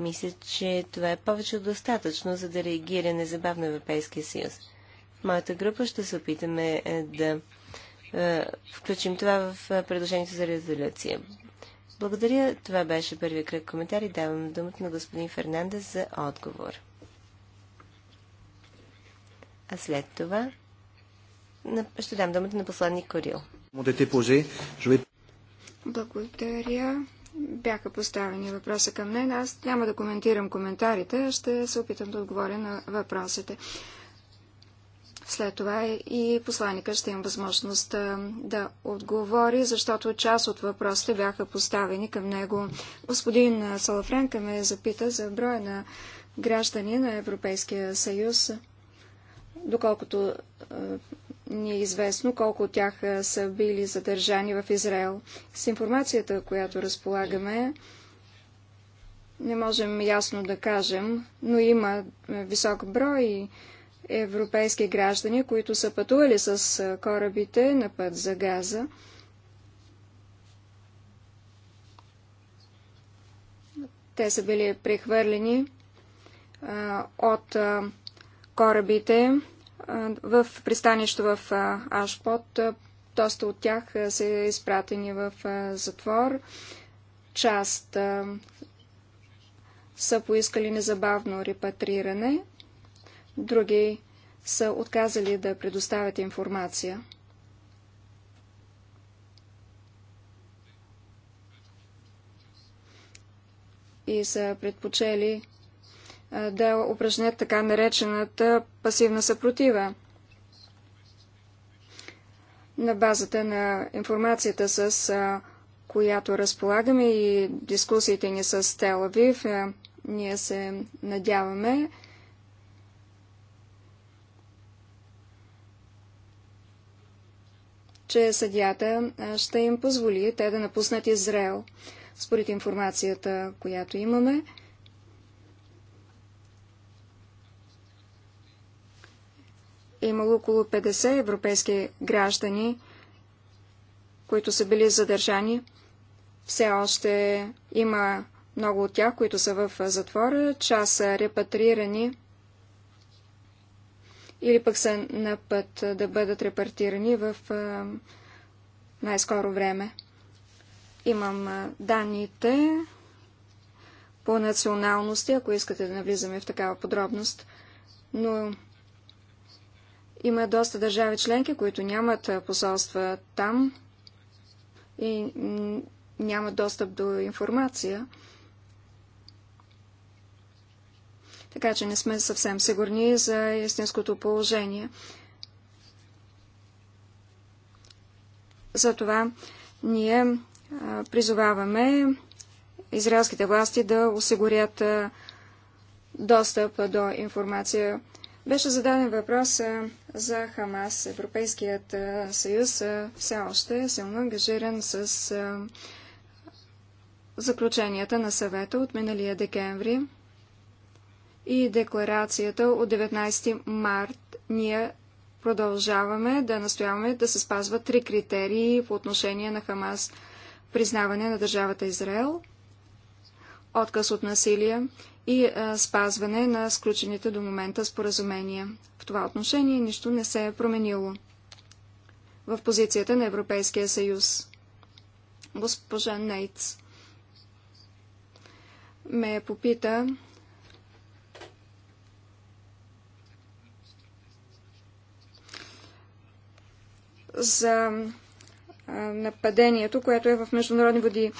мисля, че това е повече от достатъчно, за да реагира незабавно Европейския съюз. В моята група ще се опитаме е, да е, включим това в е, предложението за резолюция. Благодаря. Това беше първият кръг коментар и Давам думата на господин Фернандес за отговор. А след това ще дам думата на посланник Корил. Благодаря. Бяха поставени въпроса към мен. Аз няма да коментирам коментарите, ще се опитам да отговоря на въпросите. След това и посланика ще има възможност да отговори, защото част от въпросите бяха поставени към него. Господин Салафренка ме запита за броя на граждани на Европейския съюз. Доколкото ни е известно колко от тях са били задържани в Израел. С информацията, която разполагаме, не можем ясно да кажем, но има висок брой европейски граждани, които са пътували с корабите на път за Газа. Те са били прехвърлени от корабите в пристанище в Ашпот. Доста от тях са изпратени в затвор. Част са поискали незабавно репатриране, други са отказали да предоставят информация. И са предпочели да упражнят така наречената пасивна съпротива. На базата на информацията, с която разполагаме и дискусиите ни с Телавив, ние се надяваме че съдята ще им позволи те да напуснат Израел. Според информацията, която имаме, е имало около 50 европейски граждани, които са били задържани. Все още има много от тях, които са в затвора, част са репатрирани или пък са на път да бъдат репартирани в най-скоро време. Имам данните по националности, ако искате да навлизаме в такава подробност, но има доста държави членки, които нямат посолства там и нямат достъп до информация. Така че не сме съвсем сигурни за истинското положение. Затова ние призоваваме израелските власти да осигурят достъп до информация беше зададен въпрос за Хамас. Европейският съюз все още е силно ангажиран с заключенията на съвета от миналия декември и декларацията от 19 март. Ние продължаваме да настояваме да се спазват три критерии по отношение на Хамас. Признаване на държавата Израел, отказ от насилие и спазване на сключените до момента споразумения. В това отношение нищо не се е променило в позицията на Европейския съюз. Госпожа Нейтс ме попита за нападението, което е в международни води.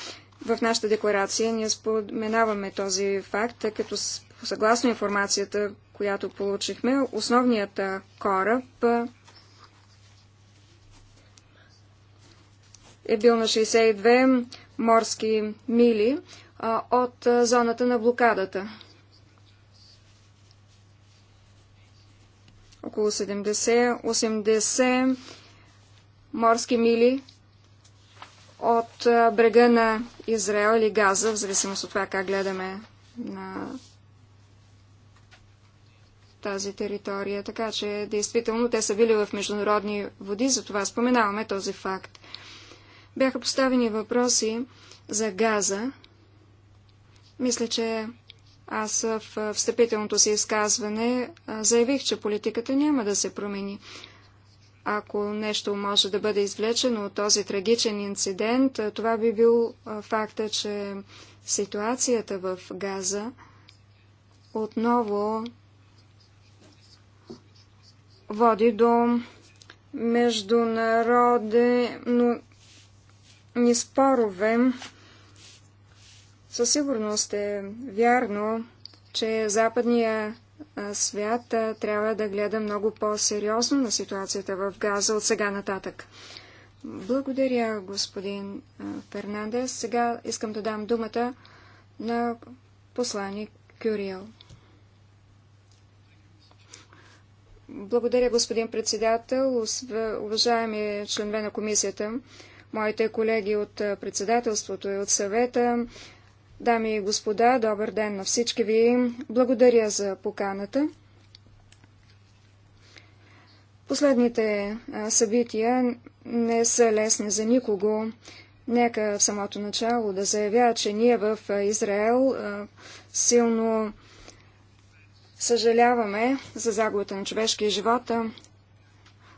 В нашата декларация ние споменаваме този факт, тъй като съгласно информацията, която получихме, основният кораб е бил на 62 морски мили от зоната на блокадата. Около 70-80 морски мили от брега на Израел или Газа, в зависимост от това как гледаме на тази територия. Така че, действително, те са били в международни води, затова споменаваме този факт. Бяха поставени въпроси за Газа. Мисля, че аз в встъпителното си изказване заявих, че политиката няма да се промени. Ако нещо може да бъде извлечено от този трагичен инцидент, това би бил факта, че ситуацията в Газа отново води до международни спорове. Със сигурност е вярно, че западния свят трябва да гледа много по-сериозно на ситуацията в Газа от сега нататък. Благодаря, господин Фернандес. Сега искам да дам думата на посланник Кюриел. Благодаря, господин председател, уважаеми членове на комисията, моите колеги от председателството и от съвета, Дами и господа, добър ден на всички ви. Благодаря за поканата. Последните събития не са лесни за никого. Нека в самото начало да заявя, че ние в Израел силно съжаляваме за загубата на човешкия живота.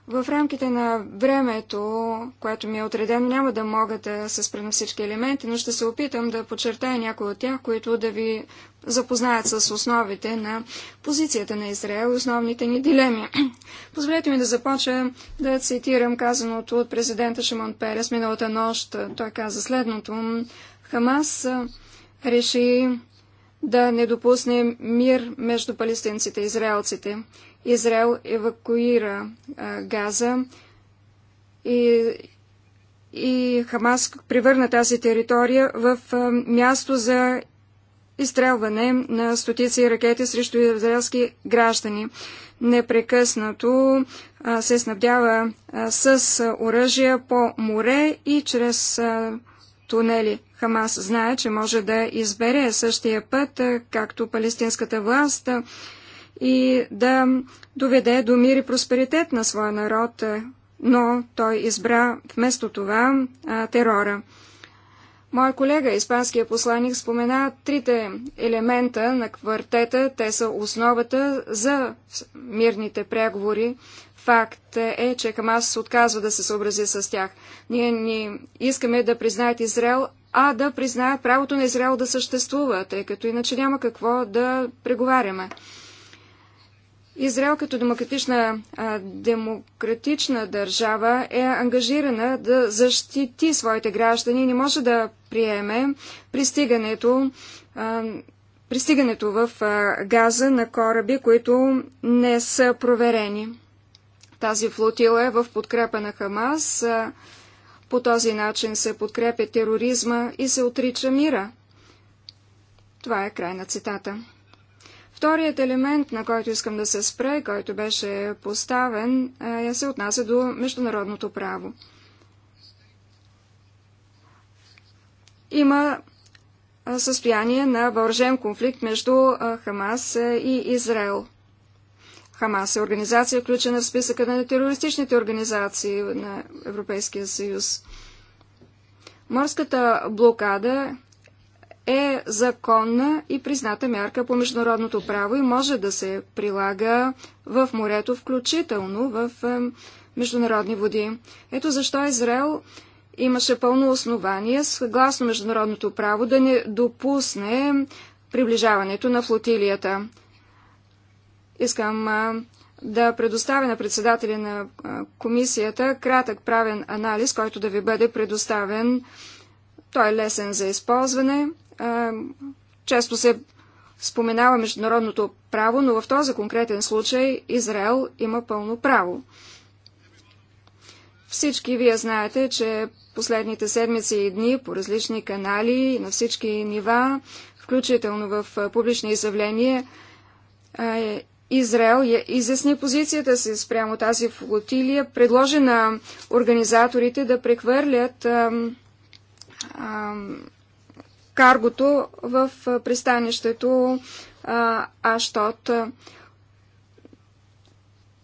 В рамките на времето, което ми е отредено, няма да мога да се спра на всички елементи, но ще се опитам да подчертая някои от тях, които да ви запознаят с основите на позицията на Израел и основните ни дилеми. Позволете ми да започна да цитирам казаното от президента Шимон Перес миналата нощ. Той каза следното. Хамас реши да не допусне мир между палестинците и израелците. Израел евакуира а, Газа и, и Хамас превърна тази територия в а, място за изстрелване на стотици ракети срещу израелски граждани. Непрекъснато а, се снабдява а, с оръжия по море и чрез а, тунели. Хамас знае, че може да избере същия път, а, както палестинската власт. А, и да доведе до мир и просперитет на своя народ, е, но той избра вместо това а, терора. Моя колега, испанския посланник, спомена трите елемента на квартета. Те са основата за мирните преговори. Факт е, че Хамас отказва да се съобрази с тях. Ние ни искаме да признаят Израел, а да признаят правото на Израел да съществува, тъй като иначе няма какво да преговаряме. Израел като демократична, а, демократична държава е ангажирана да защити своите граждани и не може да приеме пристигането, а, пристигането в а, Газа на кораби, които не са проверени. Тази флотила е в подкрепа на Хамас. А, по този начин се подкрепя тероризма и се отрича мира. Това е край на цитата. Вторият елемент, на който искам да се спре, който беше поставен, е, се отнася до международното право. Има е, състояние на въоръжен конфликт между е, Хамас и Израел. Хамас е организация, включена в списъка на терористичните организации на Европейския съюз. Морската блокада е законна и призната мярка по международното право и може да се прилага в морето, включително в международни води. Ето защо Израел имаше пълно основание, съгласно международното право, да не допусне приближаването на флотилията. Искам да предоставя на председателя на комисията кратък правен анализ, който да ви бъде предоставен. Той е лесен за използване. Често се споменава международното право, но в този конкретен случай Израел има пълно право. Всички вие знаете, че последните седмици и дни по различни канали на всички нива, включително в публични изявления, е, Израел изясни позицията си спрямо тази флотилия, предложи на организаторите да прехвърлят каргото в пристанището Аштот.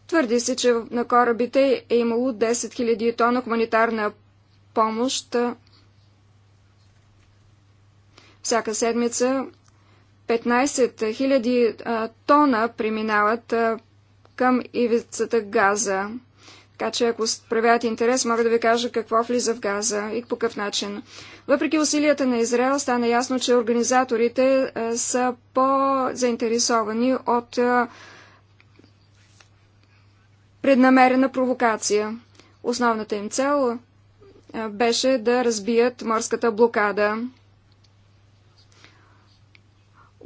Твърди се, че на корабите е имало 10 000 тона хуманитарна помощ. Всяка седмица 15 000 тона преминават към ивицата Газа. Така че ако проявявате интерес, мога да ви кажа какво влиза в газа и по какъв начин. Въпреки усилията на Израел, стана ясно, че организаторите е, са по-заинтересовани от е, преднамерена провокация. Основната им цел е, беше да разбият морската блокада.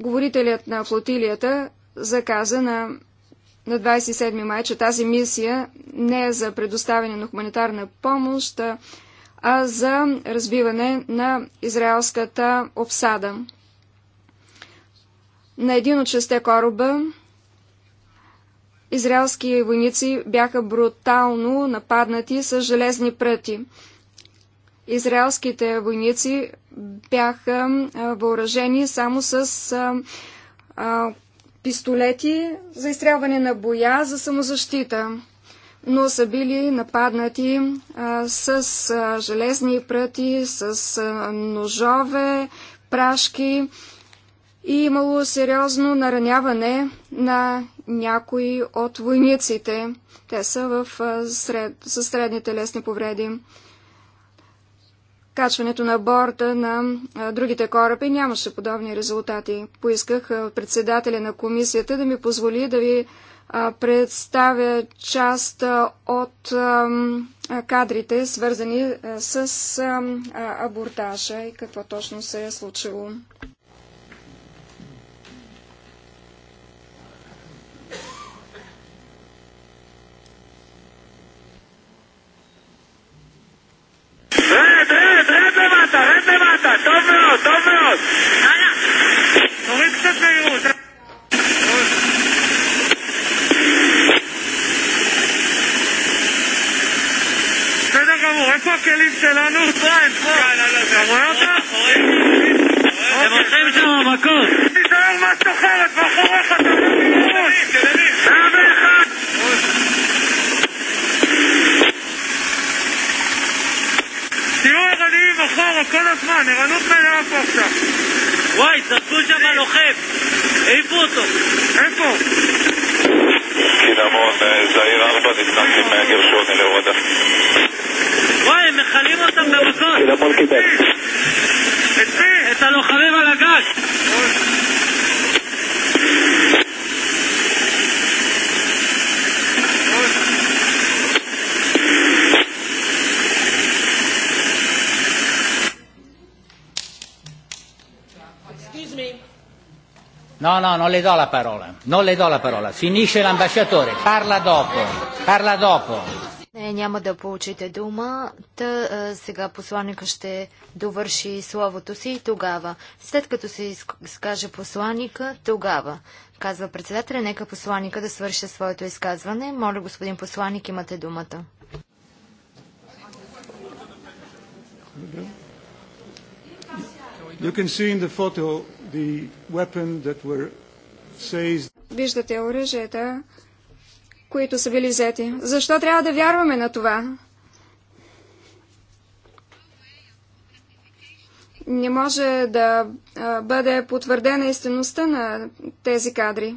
Говорителят на флотилията заказа на на 27 май, че тази мисия не е за предоставяне на хуманитарна помощ, а за разбиване на израелската обсада. На един от шесте кораба израелски войници бяха брутално нападнати с железни пръти. Израелските войници бяха въоръжени само с пистолети за изстрелване на боя за самозащита, но са били нападнати с железни пръти, с ножове, прашки и имало сериозно нараняване на някои от войниците. Те са в, сред, със средни телесни повреди качването на борта на другите кораби нямаше подобни резултати. Поисках председателя на комисията да ми позволи да ви представя част от кадрите, свързани с абортажа и какво точно се е случило. רד, רד, רד למטה, רד למטה, טוב מאוד, טוב מאוד. יאללה. תוריד קצת מהירות. בסדר גמור, איפה הכלים שלנו? טרנד, פה. אתה רואה אותם? הם הולכים שם מכות. תיזהר מה סוחרת מאחוריך, אתה לא מבין. אני וחרא כל הזמן, ערנות מלאה פה עכשיו. וואי, זרקו שם הלוחם. העיפו אותו. איפה? קינמון, זעיר 4, נכנסים מהגרשוני להורדה. וואי, הם מכלים אותם במקום. קינמון קיבל. את מי? את הלוחמים על הגג. No, no, non le do la parola. Non le do la parola. Finisce l'ambasciatore. Parla dopo. Parla dopo. Не, няма да получите дума. Та, а, е, сега посланника ще довърши словото си и тогава. След като се изкаже посланника, тогава. Казва председателя, нека посланника да свърши своето изказване. Моля, господин посланник, имате думата. You can see in the photo Виждате оръжията, които са били взети. Защо трябва да вярваме на това? Не може да бъде потвърдена истинността на тези кадри.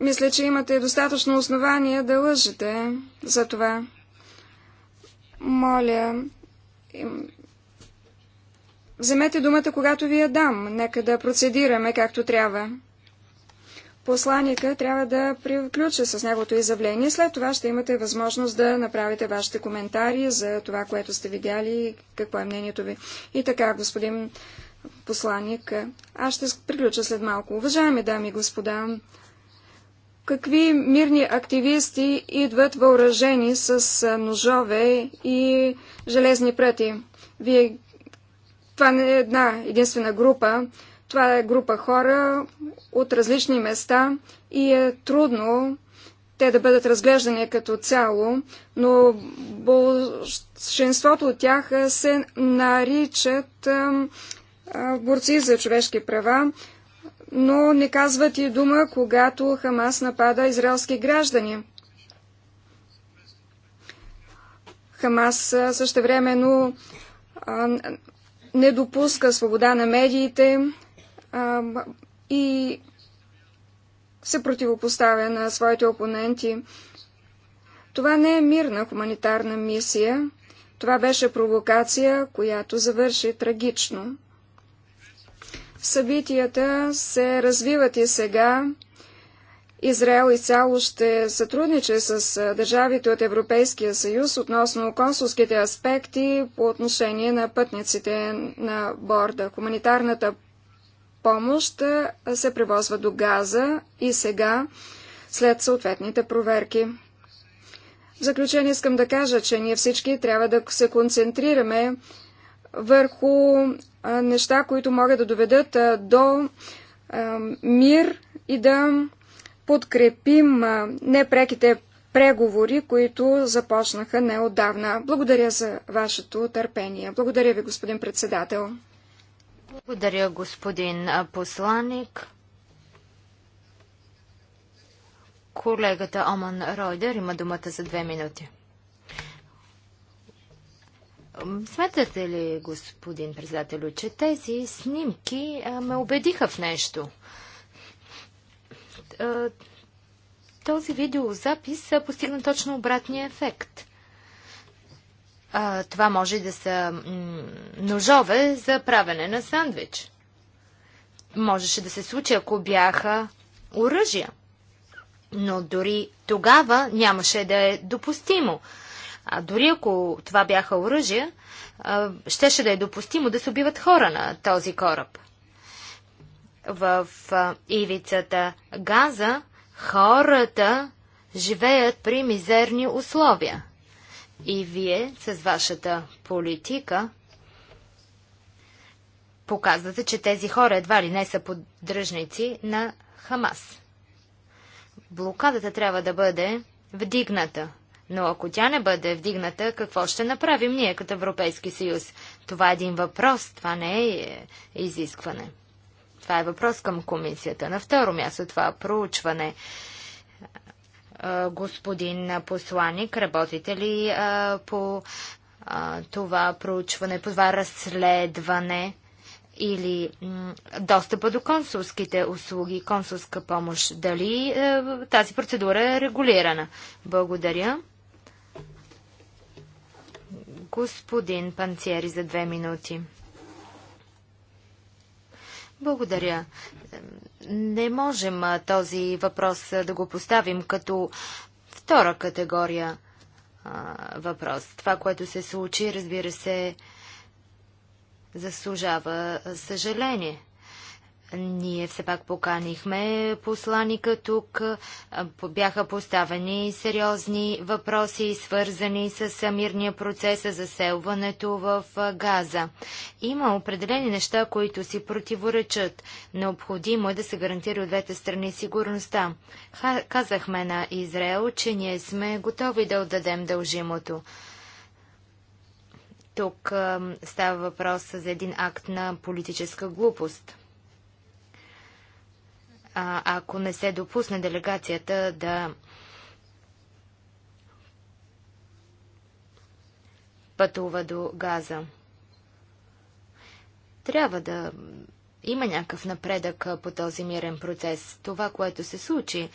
Мисля, че имате достатъчно основания да лъжете за това. Моля, Вземете думата, когато ви я дам. Нека да процедираме както трябва. Посланика трябва да приключа с неговото изявление. След това ще имате възможност да направите вашите коментари за това, което сте видяли и какво е мнението ви. И така, господин посланник, аз ще приключа след малко. Уважаеми дами и господа, какви мирни активисти идват въоръжени с ножове и железни пръти? Вие това не е една единствена група. Това е група хора от различни места и е трудно те да бъдат разглеждани като цяло, но большинството от тях се наричат борци за човешки права, но не казват и дума, когато Хамас напада израелски граждани. Хамас също времено не допуска свобода на медиите а, и се противопоставя на своите опоненти. Това не е мирна хуманитарна мисия. Това беше провокация, която завърши трагично. Събитията се развиват и сега Израел изцяло ще сътрудничи с държавите от Европейския съюз относно консулските аспекти по отношение на пътниците на борда. Хуманитарната помощ се превозва до Газа и сега след съответните проверки. В заключение искам да кажа, че ние всички трябва да се концентрираме върху неща, които могат да доведат до мир и да подкрепим непреките преговори, които започнаха неодавна. Благодаря за вашето търпение. Благодаря ви, господин председател. Благодаря, господин посланник. Колегата Оман Ройдер има думата за две минути. Смятате ли, господин председател, че тези снимки ме убедиха в нещо? този видеозапис постигна точно обратния ефект. Това може да са ножове за правене на сандвич. Можеше да се случи, ако бяха оръжия. Но дори тогава нямаше да е допустимо. А дори ако това бяха оръжия, щеше да е допустимо да се убиват хора на този кораб в ивицата Газа хората живеят при мизерни условия. И вие с вашата политика показвате, че тези хора едва ли не са поддръжници на Хамас. Блокадата трябва да бъде вдигната. Но ако тя не бъде вдигната, какво ще направим ние като Европейски съюз? Това е един въпрос, това не е, е изискване. Това е въпрос към комисията. На второ място това проучване. Господин посланник, работите ли по това проучване, по това разследване или достъпа до консулските услуги, консулска помощ. Дали тази процедура е регулирана? Благодаря. Господин Панциери за две минути. Благодаря. Не можем този въпрос да го поставим като втора категория а, въпрос. Това, което се случи, разбира се, заслужава съжаление. Ние все пак поканихме посланика тук. Бяха поставени сериозни въпроси, свързани с мирния процес, за заселването в Газа. Има определени неща, които си противоречат. Необходимо е да се гарантира от двете страни сигурността. Ха казахме на Израел, че ние сме готови да отдадем дължимото. Тук става въпрос за един акт на политическа глупост ако не се допусне делегацията да пътува до Газа. Трябва да има някакъв напредък по този мирен процес. Това, което се случи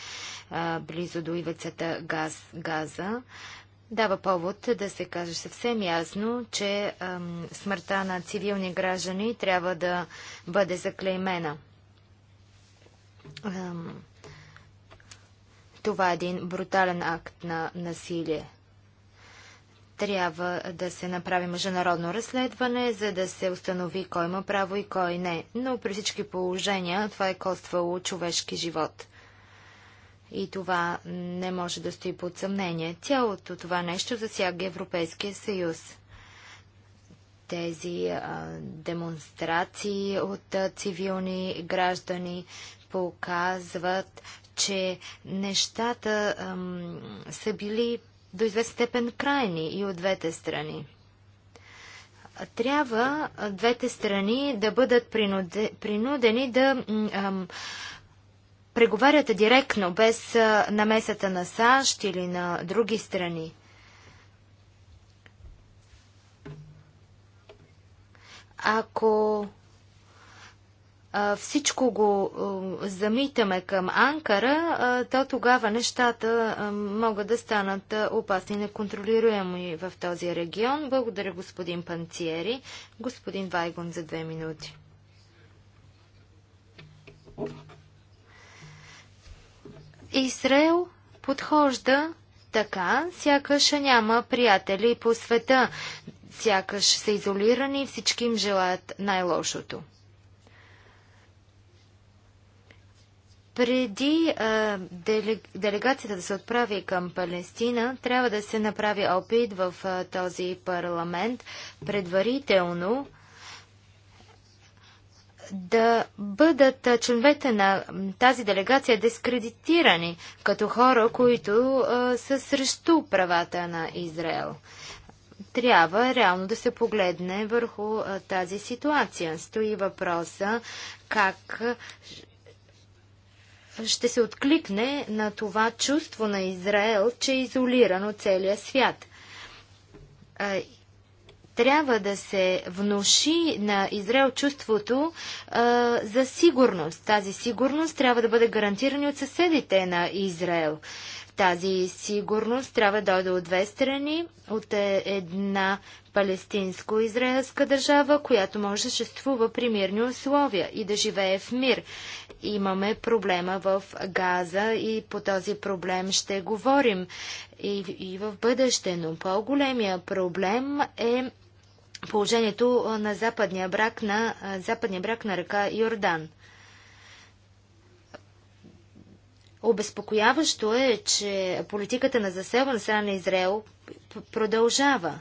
а, близо до ивицата газ, Газа, дава повод да се каже съвсем ясно, че а, смъртта на цивилни граждани трябва да бъде заклеймена това е един брутален акт на насилие. Трябва да се направи международно разследване, за да се установи кой има право и кой не. Но при всички положения това е коствало човешки живот. И това не може да стои под съмнение. Цялото това нещо засяга Европейския съюз. Тези а, демонстрации от а, цивилни граждани, показват, че нещата ам, са били до известна степен крайни и от двете страни. Трябва двете страни да бъдат принуде, принудени да ам, преговарят директно, без намесата на САЩ или на други страни. Ако всичко го замитаме към Анкара, то тогава нещата могат да станат опасни и неконтролируеми в този регион. Благодаря господин Панциери. Господин Вайгон за две минути. Израел подхожда така, сякаш няма приятели по света, сякаш са изолирани, всички им желаят най-лошото. Преди а, делегацията да се отправи към Палестина, трябва да се направи опит в а, този парламент предварително да бъдат а, членовете на тази делегация дискредитирани като хора, които а, са срещу правата на Израел. Трябва реално да се погледне върху а, тази ситуация. Стои въпроса как ще се откликне на това чувство на Израел, че е изолиран от целия свят. Трябва да се внуши на Израел чувството а, за сигурност. Тази сигурност трябва да бъде гарантирана от съседите на Израел. А, тази сигурност трябва да дойде от две страни. От е, една палестинско-израелска държава, която може да съществува при мирни условия и да живее в мир. Имаме проблема в Газа и по този проблем ще говорим и, и в бъдеще, но по-големия проблем е положението на западния брак на, западния брак на река Йордан. Обезпокояващо е, че политиката на заселване страна на Израел продължава.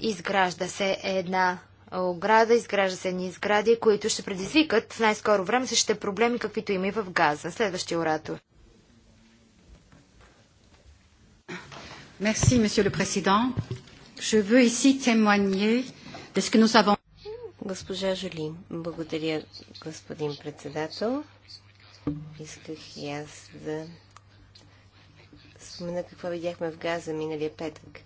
Изгражда се една ограда, изгражда се едни изгради, които ще предизвикат в най-скоро време същите проблеми, каквито има и в Газа. Следващия оратор. Merci, Monsieur le Président. Je veux ici témoigner de ce que nous avons Госпожа Жули, благодаря, господин председател. Исках и аз да спомена какво видяхме в Газа миналия петък.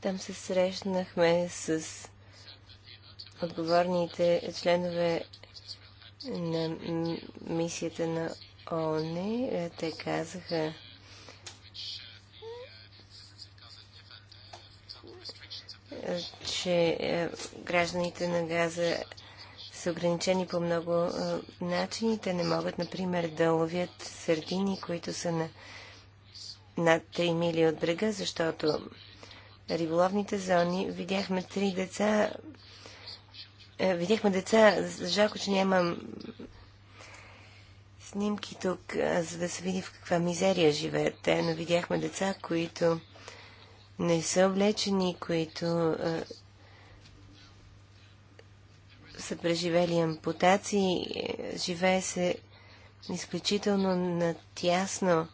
Там се срещнахме с отговорните членове на мисията на ООН. Е. Те казаха, че е, гражданите на Газа са ограничени по много е, начини. Те не могат, например, да ловят сърдини, които са на над 3 мили от брега, защото риболовните зони видяхме три деца. Е, видяхме деца. Жалко, че нямам снимки тук, за да се види в каква мизерия живеят те, но видяхме деца, които не са облечени, които а, са преживели ампутации, живее се изключително натясно.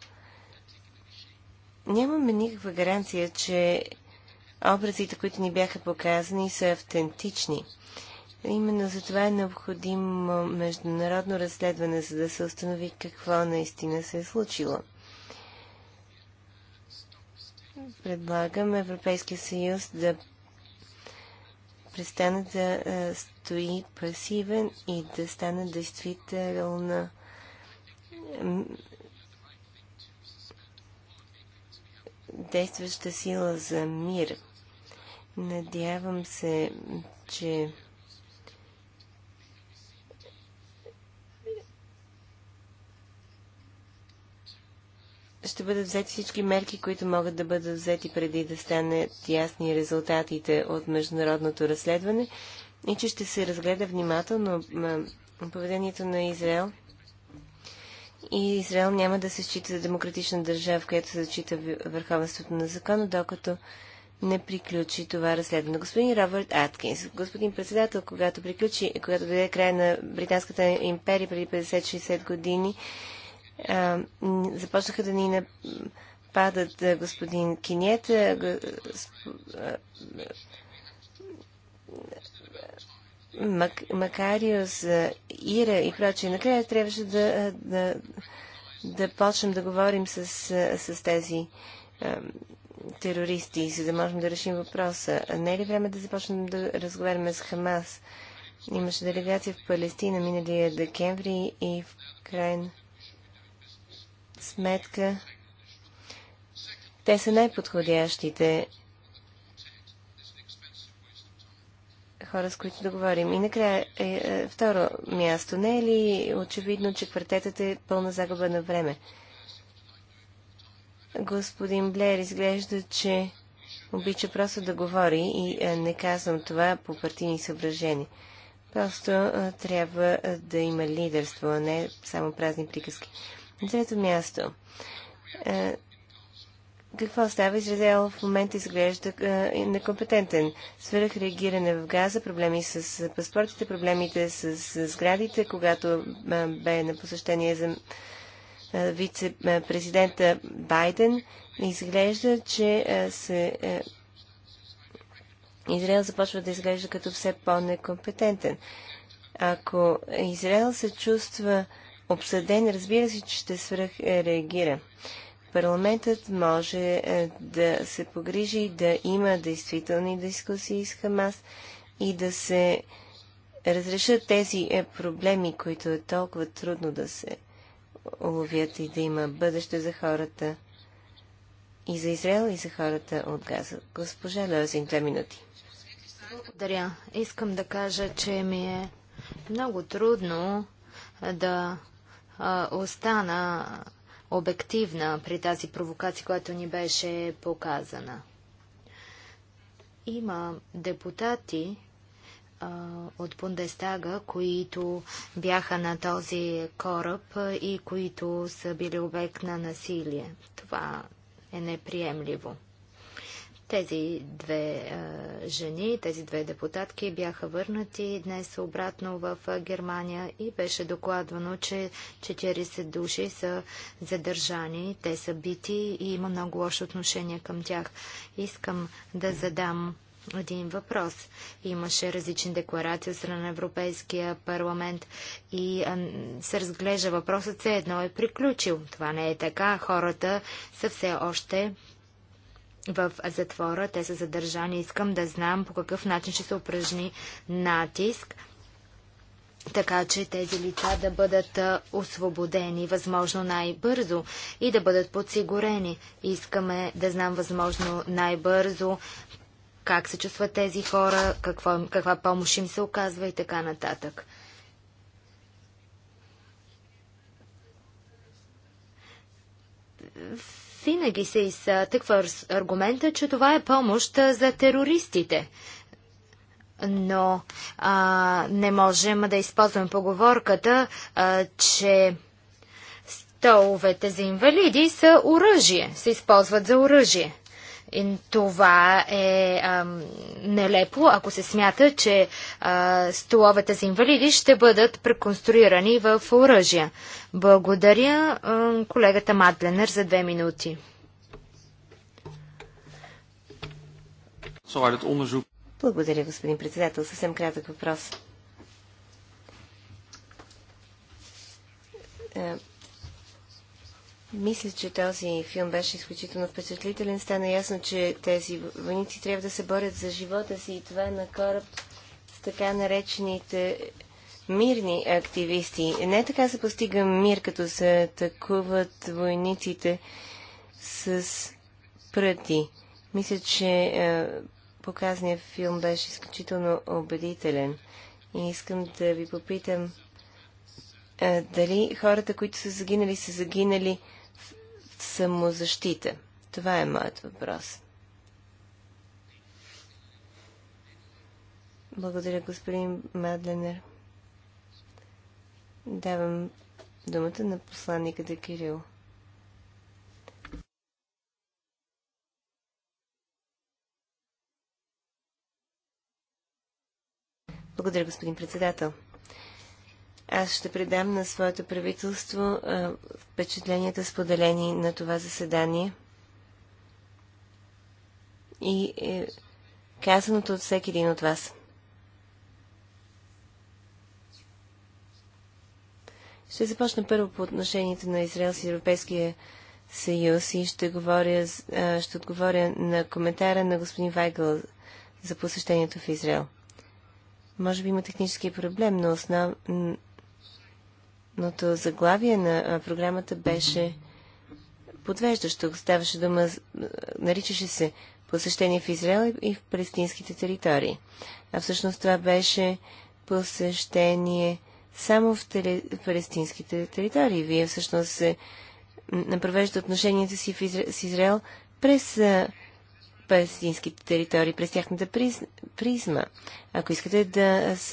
Нямаме никаква гаранция, че образите, които ни бяха показани, са автентични. Именно за това е необходимо международно разследване, за да се установи какво наистина се е случило предлагам Европейския съюз да престане да стои пасивен и да стане действителна действаща сила за мир. Надявам се, че ще бъдат взети всички мерки, които могат да бъдат взети преди да станат ясни резултатите от международното разследване и че ще се разгледа внимателно поведението на Израел. И Израел няма да се счита за демократична държава, в която се зачита върховенството на закона, докато не приключи това разследване. Господин Робърт Аткинс, господин председател, когато приключи, когато дойде край на Британската империя преди 50-60 години, започнаха да ни нападат господин Кинет, Мак... Макариус, Ира и прочие. Накрая трябваше да, да, да почнем да говорим с, с тези терористи, за да можем да решим въпроса. Не е ли време да започнем да разговаряме с Хамас? Имаше делегация в Палестина миналия декември и в край на сметка те са най-подходящите хора, с които да говорим. И накрая, е, е, второ място. Не е ли очевидно, че квартетът е пълна загуба на време? Господин Блер изглежда, че обича просто да говори и е, не казвам това по партийни съображения. Просто е, трябва е, да има лидерство, а не само празни приказки. На трето място, е, какво става? Израел в момента изглежда е, некомпетентен. Свърх реагиране в Газа, проблеми с паспортите, проблемите с сградите, когато е, бе на посещение за вице-президента Байден. Изглежда, че се Израел започва да изглежда като все по-некомпетентен. Ако Израел се чувства обсъден, разбира се, че ще е, реагира. Парламентът може е, да се погрижи да има действителни дискусии с Хамас и да се разрешат тези е, проблеми, които е толкова трудно да се уловят и да има бъдеще за хората и за Израел, и за хората от Газа. Госпожа Лозин, две минути. Благодаря. Искам да кажа, че ми е много трудно да остана обективна при тази провокация, която ни беше показана. Има депутати а, от Бундестага, които бяха на този кораб и които са били обект на насилие. Това е неприемливо. Тези две жени, тези две депутатки бяха върнати днес обратно в Германия и беше докладвано, че 40 души са задържани, те са бити и има много лошо отношение към тях. Искам да задам един въпрос. Имаше различни декларации от страна на Европейския парламент и а, се разглежда въпросът все едно е приключил. Това не е така. Хората са все още в затвора, те са задържани. Искам да знам по какъв начин ще се упражни натиск, така че тези лица да бъдат освободени възможно най-бързо и да бъдат подсигурени. Искаме да знам възможно най-бързо как се чувстват тези хора, какво, каква помощ им се оказва и така нататък. В винаги се изтъква аргумента, че това е помощ за терористите. Но а, не можем да използваме поговорката, а, че столовете за инвалиди са оръжие, се използват за оръжие. Това е а, нелепо, ако се смята, че а, столовете за инвалиди ще бъдат преконструирани в оръжия. Благодаря а, колегата Мадленер за две минути. Благодаря, господин председател. Съвсем кратък въпрос е, мисля, че този филм беше изключително впечатлителен. Стана ясно, че тези войници трябва да се борят за живота си и това на кораб с така наречените мирни активисти. Не така се постига мир, като се атакуват войниците с пръти. Мисля, че е, показният филм беше изключително убедителен. И искам да ви попитам е, дали хората, които са загинали, са загинали самозащита? Това е моят въпрос. Благодаря, господин Мадленер. Давам думата на посланника да Кирил. Благодаря, господин председател. Аз ще предам на своето правителство а, впечатленията споделени на това заседание и е, казаното от всеки един от вас. Ще започна първо по отношението на Израел с Европейския съюз и ще, говоря, ще отговоря на коментара на господин Вайгъл за посещението в Израел. Може би има технически проблем, но основ първоначалното заглавие на програмата беше подвеждащо. Ставаше дума, наричаше се посещение в Израел и в палестинските територии. А всъщност това беше посещение само в, в палестинските територии. Вие всъщност се провеждате отношенията си в Изра... с Израел през палестинските територии през тяхната призма. Ако искате да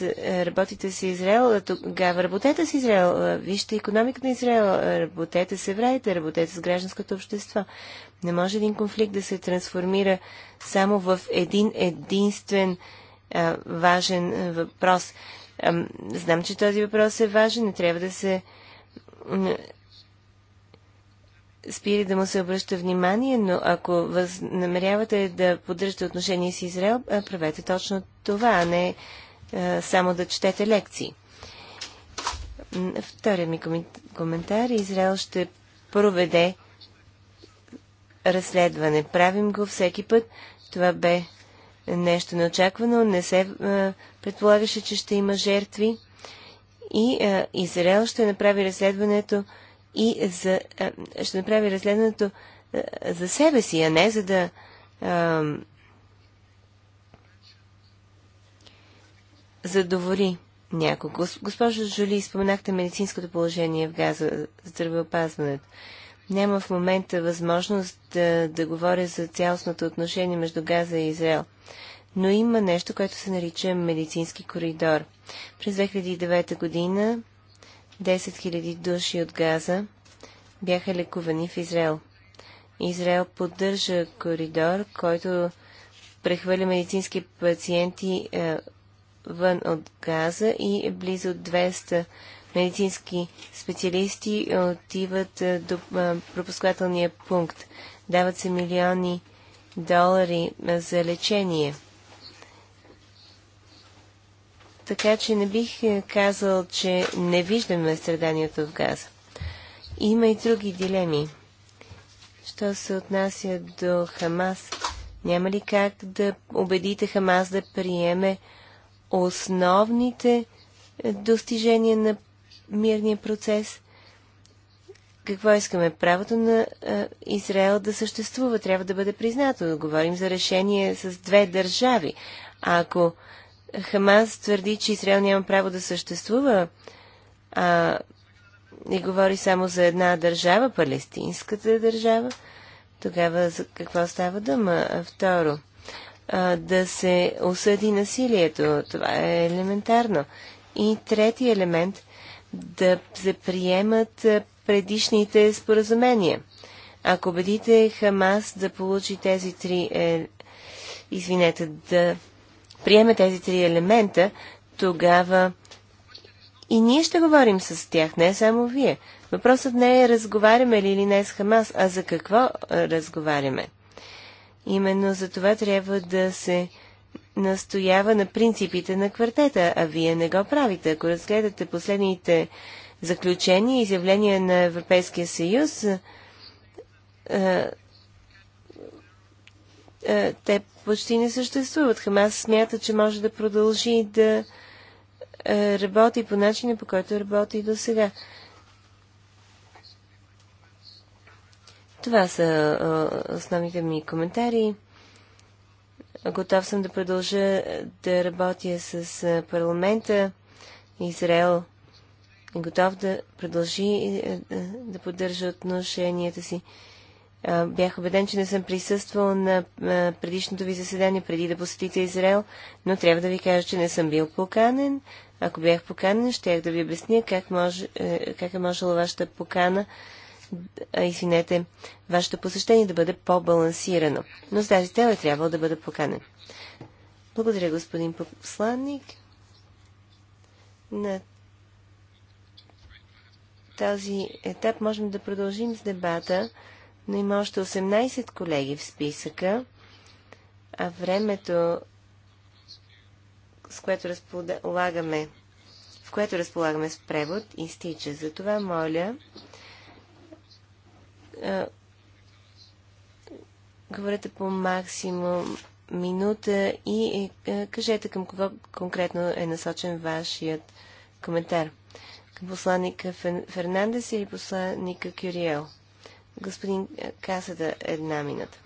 е, работите с Израел, е, тогава работете с Израел. Е, вижте економиката на Израел, работете с евреите, работете с гражданското общество. Не може един конфликт да се трансформира само в един единствен а, важен въпрос. А, знам, че този въпрос е важен, не трябва да се спира да му се обръща внимание, но ако възнамерявате да поддържате отношения с Израел, правете точно това, а не само да четете лекции. Вторият ми коментар. Израел ще проведе разследване. Правим го всеки път. Това бе нещо неочаквано. Не се а, предполагаше, че ще има жертви. И а, Израел ще направи разследването и за, ще направи разследването за себе си, а не за да а, задовори някого. Госпожо Жули, споменахте медицинското положение в газа, здравеопазването. Няма в момента възможност да, да говоря за цялостното отношение между Газа и Израел. Но има нещо, което се нарича медицински коридор. През 2009 година 10 000 души от Газа бяха лекувани в Израел. Израел поддържа коридор, който прехвърля медицински пациенти е, вън от Газа и близо 200 медицински специалисти отиват е, до е, пропускателния пункт. Дават се милиони долари е, за лечение – така че не бих е, казал, че не виждаме страданието в газа. Има и други дилеми. Що се отнася до Хамас, няма ли как да убедите Хамас да приеме основните е, достижения на мирния процес? Какво искаме? Правото на е, Израел да съществува трябва да бъде признато. Говорим за решение с две държави. А ако Хамас твърди, че Израел няма право да съществува а, и говори само за една държава, палестинската държава, тогава за какво става дума? Второ, а, да се осъди насилието. Това е елементарно. И трети елемент да се приемат предишните споразумения. Ако убедите Хамас да получи тези три, е, извинете, да приеме тези три елемента, тогава и ние ще говорим с тях, не само вие. Въпросът не е разговаряме ли или не с Хамас, а за какво разговаряме. Именно за това трябва да се настоява на принципите на квартета, а вие не го правите. Ако разгледате последните заключения и изявления на Европейския съюз, е, те почти не съществуват. Хамас смята, че може да продължи да е, работи по начина, по който работи и до сега. Това са е, основните ми коментари. Готов съм да продължа да работя с парламента Израел. Готов да продължи да поддържа отношенията си Бях убеден, че не съм присъствал на предишното ви заседание преди да посетите Израел, но трябва да ви кажа, че не съм бил поканен. Ако бях поканен, щях да ви обясня как, може, е, как е можела вашата покана, извинете, вашето посещение да бъде по-балансирано. Но с тази тела е трябвало да бъда поканен. Благодаря, господин посланник. На този етап можем да продължим с дебата но има още 18 колеги в списъка, а времето, с което разполагаме, в което разполагаме с превод, изтича. Затова моля говорете по максимум минута и е, е, кажете към кого конкретно е насочен вашият коментар. Към посланника Фернандес или посланника Кюриел? Господин Касада, една минута.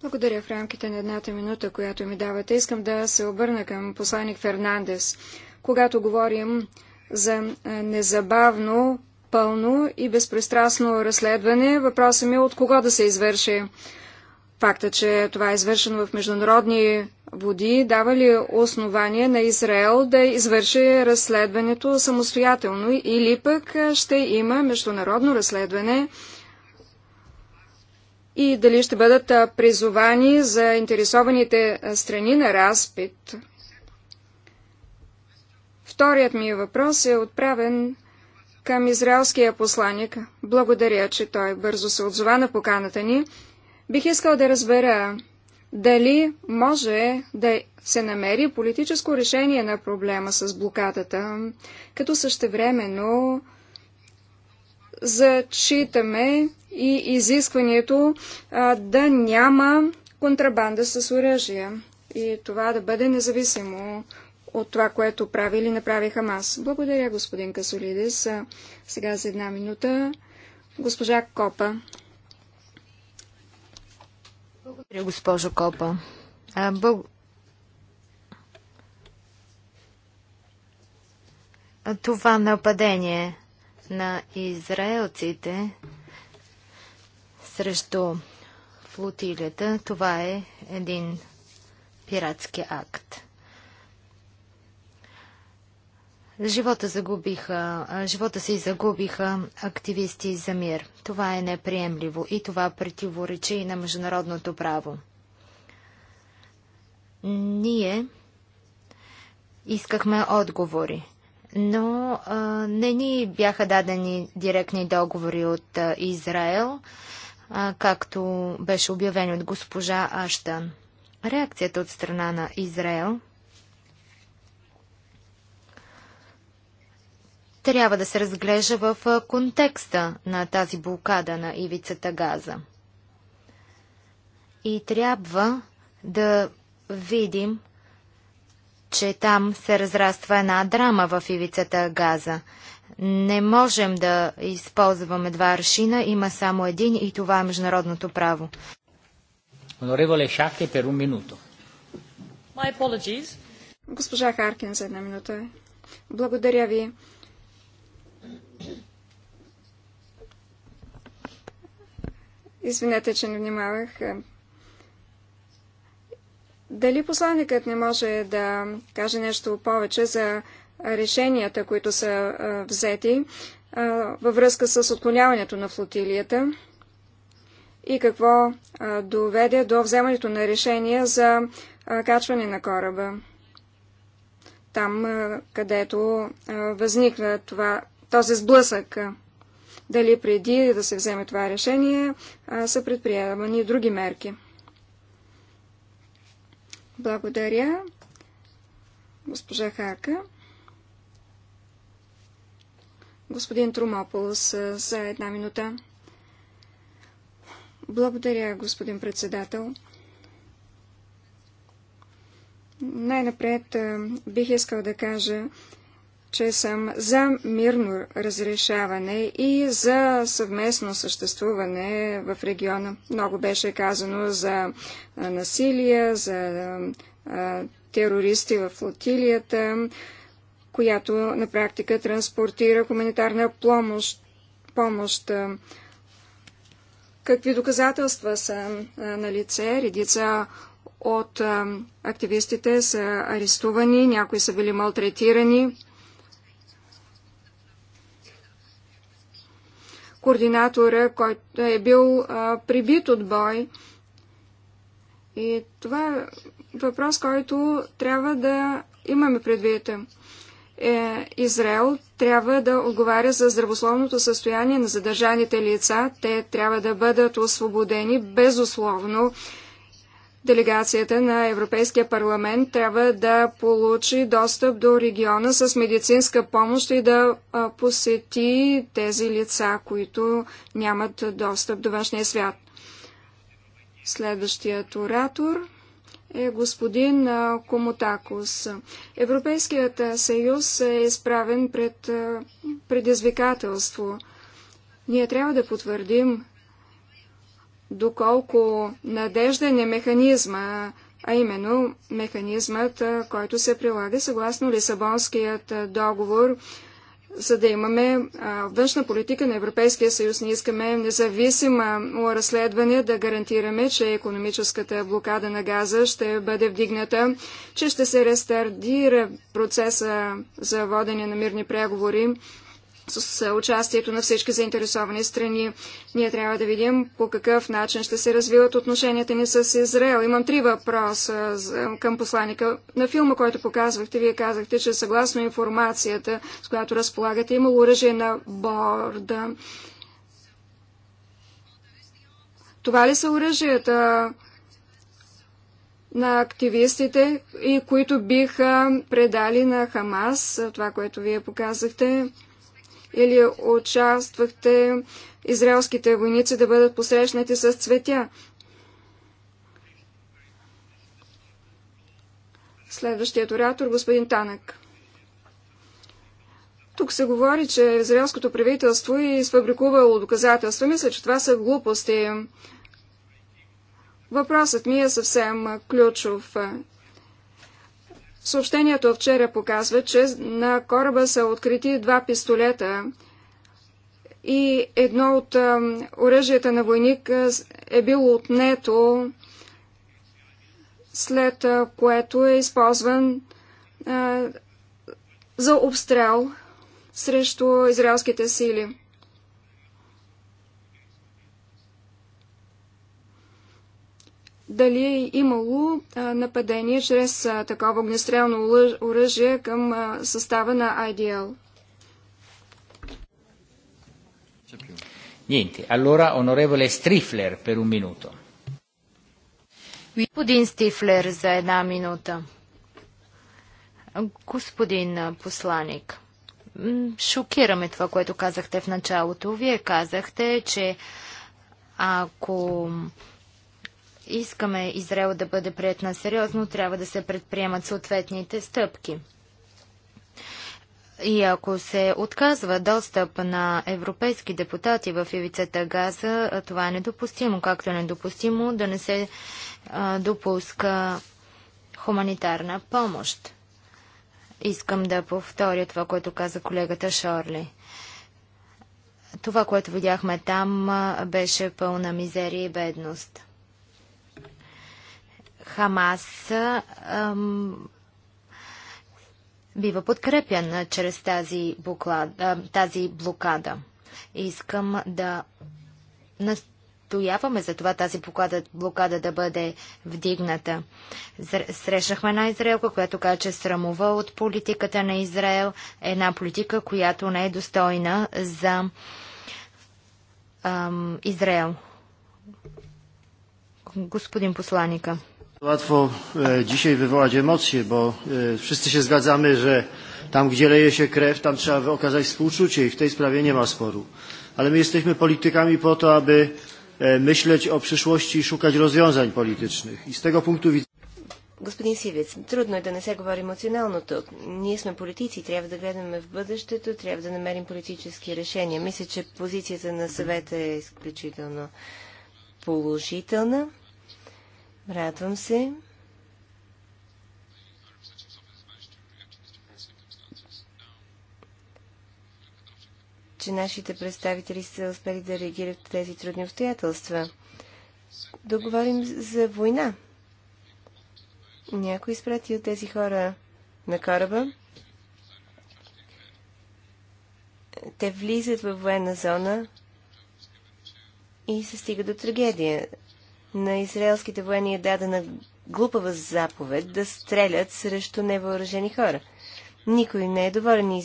Благодаря в рамките на едната минута, която ми давате. Искам да се обърна към посланник Фернандес. Когато говорим за е, незабавно, пълно и безпристрастно разследване, въпросът ми е от кого да се извърши. Факта, че това е извършено в международни води, дава ли основание на Израел да извърши разследването самостоятелно или пък е, ще има международно разследване, и дали ще бъдат призовани за интересованите страни на разпит. Вторият ми въпрос е отправен към израелския посланник. Благодаря, че той бързо се отзова на поканата ни. Бих искал да разбера дали може да се намери политическо решение на проблема с блокадата, като същевременно зачитаме и изискването а, да няма контрабанда с оръжия и това да бъде независимо от това, което прави или направи Хамас. Благодаря, господин Касолидис. Сега за една минута госпожа Копа. Благодаря, госпожо Копа. А, бъл... Това нападение на израелците срещу флотилията, това е един пиратски акт. Живота, загубиха, живота си загубиха активисти за мир. Това е неприемливо и това противоречи и на международното право. Ние искахме отговори но а, не ни бяха дадени директни договори от а, Израел, а, както беше обявено от госпожа Аштан. Реакцията от страна на Израел трябва да се разглежда в контекста на тази блокада на ивицата Газа. И трябва да видим че там се разраства една драма в ивицата Газа. Не можем да използваме два аршина, има само един и това е международното право. Онореволе Шахте, пер un минуто. My apologies. Госпожа Харкин за една минута. Благодаря ви. Извинете, че не внимавах. Дали посланникът не може да каже нещо повече за решенията, които са взети във връзка с отклоняването на флотилията и какво доведе до вземането на решения за качване на кораба там, където възникна това, този сблъсък. Дали преди да се вземе това решение са предприемани други мерки. Благодаря, госпожа Харка. Господин Трумополос за една минута. Благодаря, господин председател. Най-напред бих искал да кажа, че съм за мирно разрешаване и за съвместно съществуване в региона. Много беше казано за насилие, за терористи в флотилията, която на практика транспортира хуманитарна помощ. Какви доказателства са на лице? Редица от активистите са арестувани, някои са били малтретирани. координатора, който е бил а, прибит от бой. И това е въпрос, който трябва да имаме предвид. Е, Израел трябва да отговаря за здравословното състояние на задържаните лица. Те трябва да бъдат освободени безусловно. Делегацията на Европейския парламент трябва да получи достъп до региона с медицинска помощ и да посети тези лица, които нямат достъп до външния свят. Следващият оратор е господин Комотакос. Европейският съюз е изправен пред предизвикателство. Ние трябва да потвърдим доколко надежден е механизма, а именно механизмът, който се прилага съгласно Лисабонският договор, за да имаме външна политика на Европейския съюз. Не искаме независимо разследване да гарантираме, че економическата блокада на газа ще бъде вдигната, че ще се рестардира процеса за водене на мирни преговори с участието на всички заинтересовани страни. Ние трябва да видим по какъв начин ще се развиват отношенията ни с Израел. Имам три въпроса към посланика. На филма, който показвахте, вие казахте, че съгласно информацията, с която разполагате, е имало оръжие на борда. Това ли са оръжията на активистите, и които биха предали на Хамас, това, което вие показахте? или участвахте израелските войници да бъдат посрещнати с цветя. Следващият оратор, господин Танък. Тук се говори, че израелското правителство е изфабрикувало доказателства. Мисля, че това са глупости. Въпросът ми е съвсем ключов. Съобщението вчера показва, че на кораба са открити два пистолета и едно от оръжията на войник е било отнето, след което е използван за обстрел срещу израелските сили. дали е имало нападение чрез такова огнестрелно оръжие към състава на IDL. Niente. Allora, onorevole Strifler, per un minuto. Господин Стифлер за една минута. Господин посланик, шокираме това, което казахте в началото. Вие казахте, че ако искаме Израел да бъде прият на сериозно, трябва да се предприемат съответните стъпки. И ако се отказва достъп на европейски депутати в ивицата Газа, това е недопустимо, както е недопустимо да не се а, допуска хуманитарна помощ. Искам да повторя това, което каза колегата Шорли. Това, което видяхме там, беше пълна мизерия и бедност. Хамас ам, бива подкрепен чрез тази, буклад, а, тази блокада. Искам да настояваме за това тази блокада, блокада да бъде вдигната. Срещнахме една Израелка, която каза, че срамува от политиката на Израел. Една политика, която не е достойна за ам, Израел. Господин посланика. Łatwo dzisiaj wywołać emocje, bo wszyscy się zgadzamy, że tam, gdzie leje się krew, tam trzeba okazać współczucie i w tej sprawie nie ma sporu. Ale my jesteśmy politykami po to, aby myśleć o przyszłości i szukać rozwiązań politycznych. I z tego punktu widzenia. Господин Сивец, трудно е да не се говори емоционално тук. Ние сме политици, трябва да гледаме в бъдещето, трябва да намерим политически решения. Мисля, че позицията на съвета е изключително положителна. Радвам се. че нашите представители са успели да реагират в тези трудни обстоятелства. Да говорим за война. Някой изпрати от тези хора на кораба. Те влизат във военна зона и се стига до трагедия на израелските военни е дадена глупава заповед да стрелят срещу невъоръжени хора. Никой не е доволен,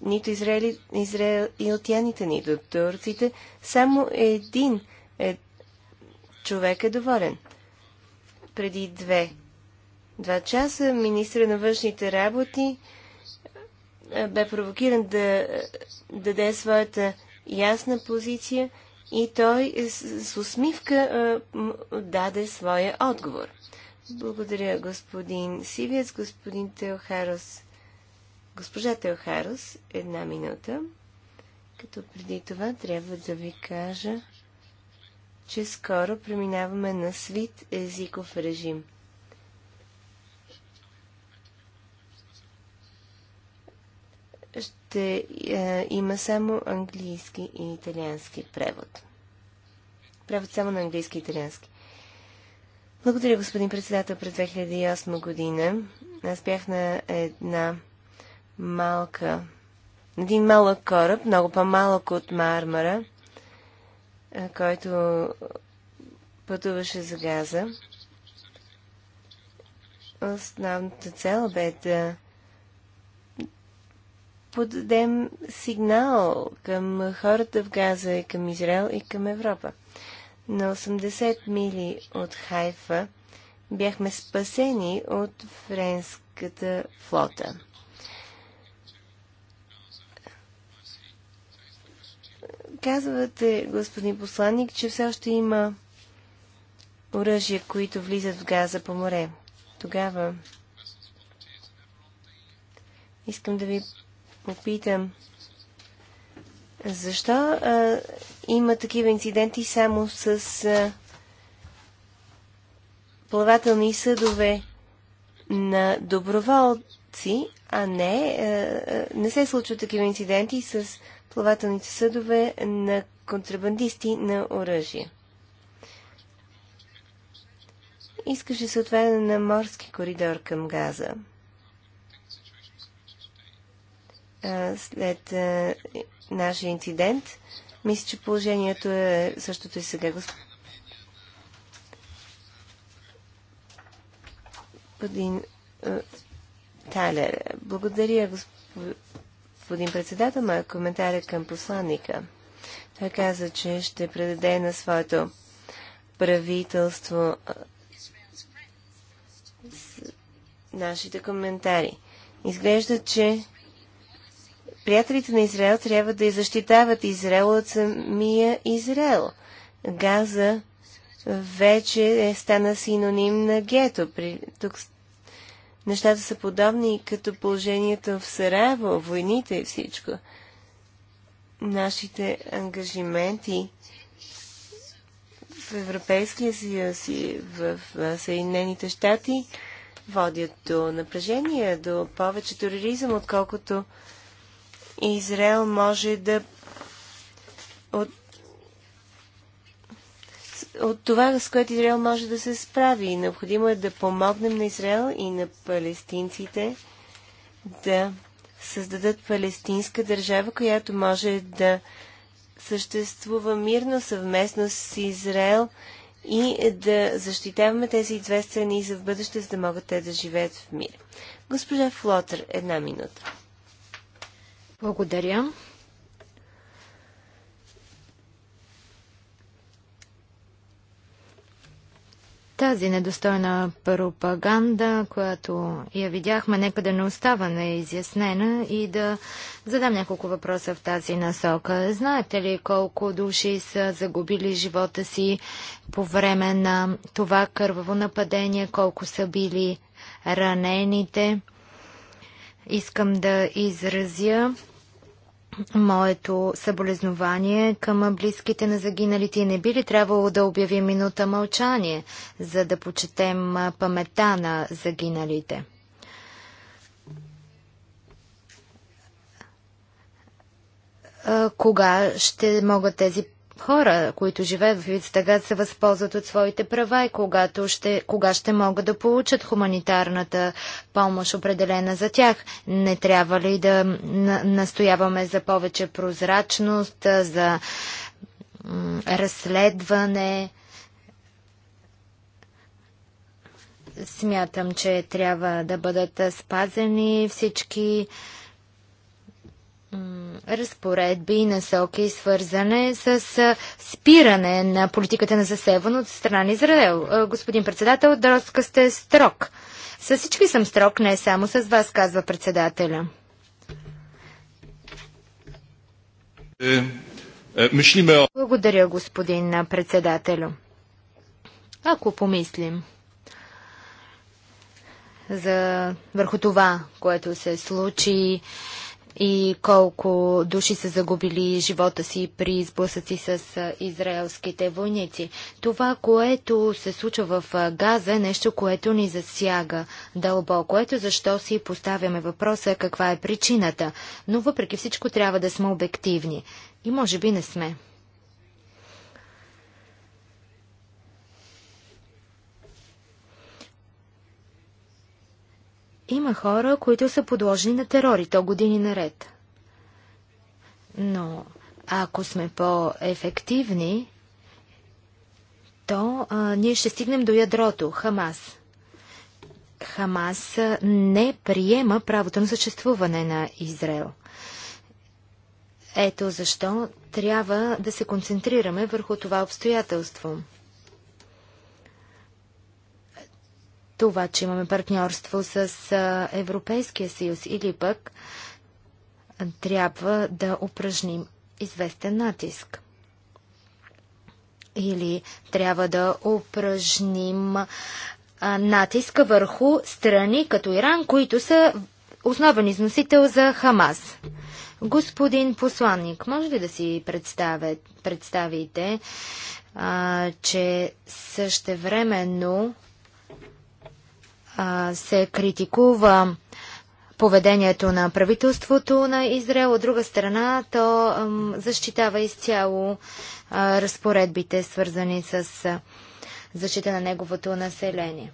нито израели, израелтяните, нито турците. Само един е, човек е доволен. Преди две, два часа министра на външните работи бе провокиран да даде своята ясна позиция – и той с усмивка даде своя отговор. Благодаря, господин Сивец, господин Теохарос. Госпожа Теохарос, една минута. Като преди това трябва да ви кажа, че скоро преминаваме на свит езиков режим – ще е, има само английски и италиански превод. Превод само на английски и италиански. Благодаря, господин председател. През 2008 година аз бях на една малка, един малък кораб, много по-малък от Мармара, е, който пътуваше за Газа. Основната цел бе да подадем сигнал към хората в Газа и към Израел и към Европа. На 80 мили от Хайфа бяхме спасени от френската флота. Казвате, господин посланник, че все още има оръжия, които влизат в Газа по море. Тогава искам да ви попитам защо а, има такива инциденти само с а, плавателни съдове на доброволци, а не, а, не се случват такива инциденти с плавателните съдове на контрабандисти на оръжие. Искаше се отведе на морски коридор към Газа. след нашия инцидент. Мисля, че положението е същото и сега. Господин Талер, благодаря, господин председател. Моя коментар е към посланника. Той каза, че ще предаде на своето правителство нашите коментари. Изглежда, че приятелите на Израел трябва да защитават Израел от самия Израел. Газа вече е стана синоним на гето. При... Тук нещата са подобни като положението в Сараево, войните и всичко. Нашите ангажименти в Европейския съюз и в Съединените щати водят до напрежение, до повече тероризъм, отколкото Израел може да от, от това, с което Израел може да се справи. Необходимо е да помогнем на Израел и на палестинците да създадат палестинска държава, която може да съществува мирно съвместно с Израел и да защитаваме тези две страни за в бъдеще, за да могат те да живеят в мир. Госпожа Флотър, една минута. Благодаря. Тази недостойна пропаганда, която я видяхме, нека да не остава неизяснена и да задам няколко въпроса в тази насока. Знаете ли колко души са загубили живота си по време на това кърваво нападение, колко са били ранените? Искам да изразя моето съболезнование към близките на загиналите и не би ли трябвало да обявим минута мълчание, за да почетем памета на загиналите? Кога ще могат тези хора, които живеят в Вицтагат, се възползват от своите права и когато ще, кога ще могат да получат хуманитарната помощ, определена за тях. Не трябва ли да настояваме за повече прозрачност, за разследване? Смятам, че трябва да бъдат спазени всички разпоредби и насоки, свързане с спиране на политиката на засеване от страна на Израел. Господин председател, дроска сте строк. С всички съм строк, не само с вас, казва председателя. Е, е, Благодаря, господин председателю. Ако помислим за върху това, което се случи и колко души са загубили живота си при сблъсъци с израелските войници. Това, което се случва в Газа е нещо, което ни засяга дълбоко. Ето защо си поставяме въпроса каква е причината. Но въпреки всичко трябва да сме обективни. И може би не сме. Има хора, които са подложени на терори, то години наред. Но ако сме по-ефективни, то а, ние ще стигнем до ядрото Хамас. Хамас не приема правото на съществуване на Израел. Ето защо трябва да се концентрираме върху това обстоятелство. това, че имаме партньорство с Европейския съюз или пък трябва да упражним известен натиск. Или трябва да упражним натиска върху страни като Иран, които са основен износител за Хамас. Господин посланник, може ли да си представите, че същевременно се критикува поведението на правителството на Израел. От друга страна, то защитава изцяло разпоредбите, свързани с защита на неговото население.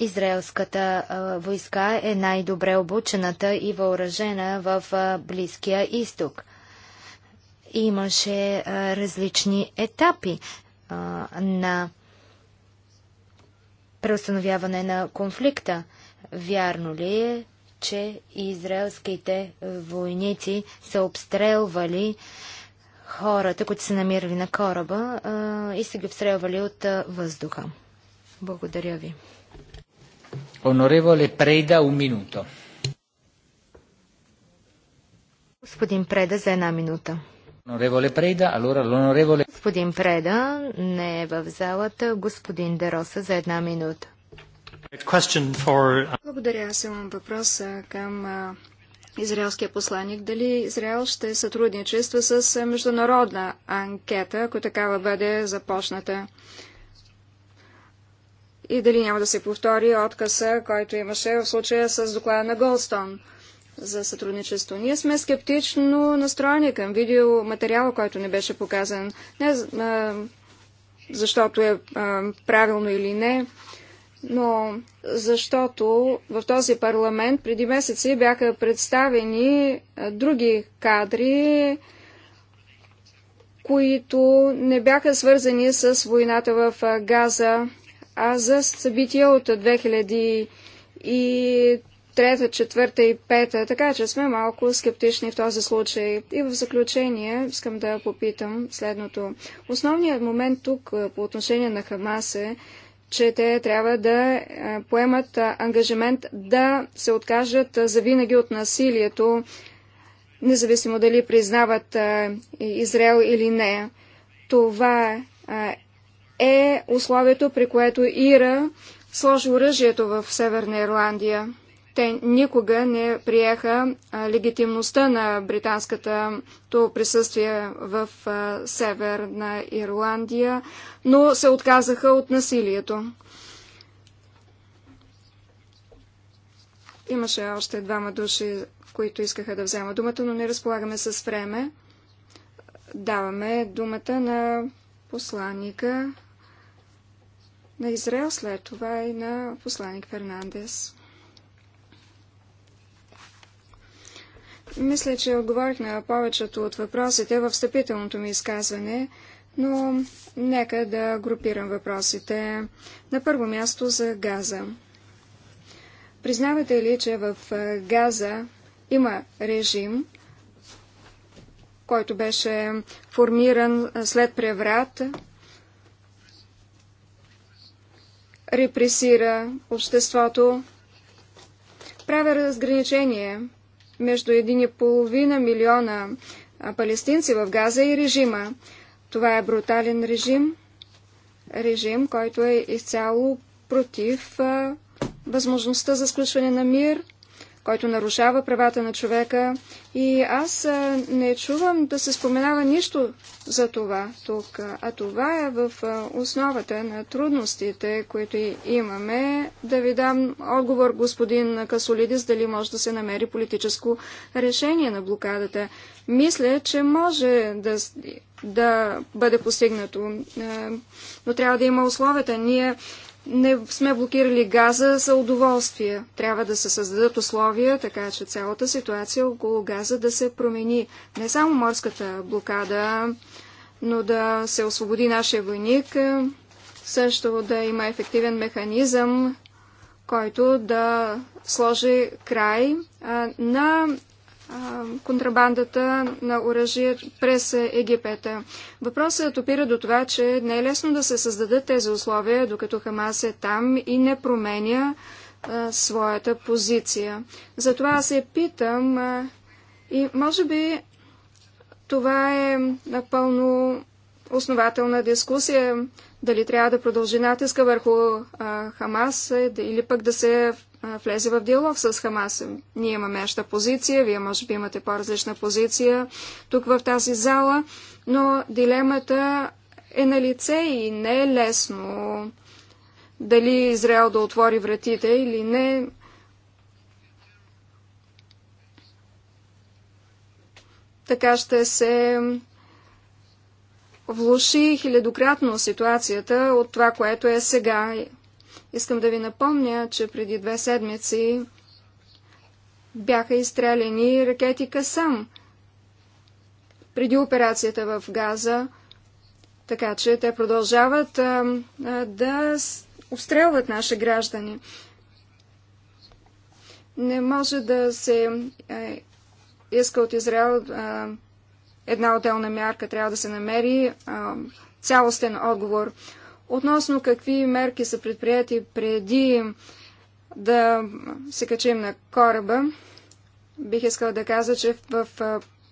Израелската войска е най-добре обучената и въоръжена в Близкия изток. Имаше различни етапи на преустановяване на конфликта. Вярно ли е, че израелските войници са обстрелвали хората, които са намирали на кораба а, и са ги обстрелвали от а, въздуха? Благодаря ви. Онореволе Прейда, у минуто. Господин Преда за една минута. Господин Преда не е в залата. Господин Дероса за една минута. For... Uh, Благодаря. Аз имам въпрос към а, израелския посланник. Дали Израел ще сътрудничества с международна анкета, ако такава бъде започната? И дали няма да се повтори откъса, който имаше в случая с доклада на Голстон за сътрудничество. Ние сме скептично настроени към видеоматериала, който не беше показан. Не а, защото е а, правилно или не, но защото в този парламент преди месеци бяха представени а, други кадри, които не бяха свързани с войната в Газа, а за събития от 2000 и трета, четвърта и пета, така че сме малко скептични в този случай. И в заключение искам да попитам следното. Основният момент тук по отношение на Хамас е, че те трябва да поемат ангажимент да се откажат завинаги от насилието, независимо дали признават Израел или не. Това е условието, при което Ира сложи оръжието в Северна Ирландия те никога не приеха легитимността на британското присъствие в Северна Ирландия, но се отказаха от насилието. Имаше още двама души, които искаха да взема думата, но не разполагаме с време. Даваме думата на посланника на Израел, след това и на посланник Фернандес. Мисля, че отговорих на повечето от въпросите в встъпителното ми изказване, но нека да групирам въпросите. На първо място за газа. Признавате ли, че в газа има режим, който беше формиран след преврат, репресира обществото, правя разграничение между 1,5 милиона палестинци в Газа и режима. Това е брутален режим, режим, който е изцяло против възможността за сключване на мир – който нарушава правата на човека. И аз не чувам да се споменава нищо за това тук. А това е в основата на трудностите, които имаме. Да ви дам отговор, господин Касолидис, дали може да се намери политическо решение на блокадата. Мисля, че може да, да бъде постигнато, но трябва да има условията. Ние не сме блокирали газа за удоволствие. Трябва да се създадат условия, така че цялата ситуация около газа да се промени. Не само морската блокада, но да се освободи нашия войник, е, също да има ефективен механизъм, който да сложи край на контрабандата на оръжие през Египет. Въпросът опира до това, че не е лесно да се създадат тези условия, докато Хамас е там и не променя а, своята позиция. Затова се питам а, и може би това е напълно основателна дискусия, дали трябва да продължи натиска върху а, Хамас е, или пък да се влезе в диалог с Хамас. Ние имаме нашата позиция, вие може би имате по-различна позиция тук в тази зала, но дилемата е на лице и не е лесно дали Израел да отвори вратите или не. Така ще се влуши хилядократно ситуацията от това, което е сега. Искам да ви напомня, че преди две седмици бяха изстреляни ракети Касам преди операцията в Газа, така че те продължават а, а, да обстрелват наши граждани. Не може да се а, иска от Израел а, една отделна мярка, трябва да се намери а, цялостен отговор. Относно какви мерки са предприяти преди да се качим на кораба, бих искал да кажа, че в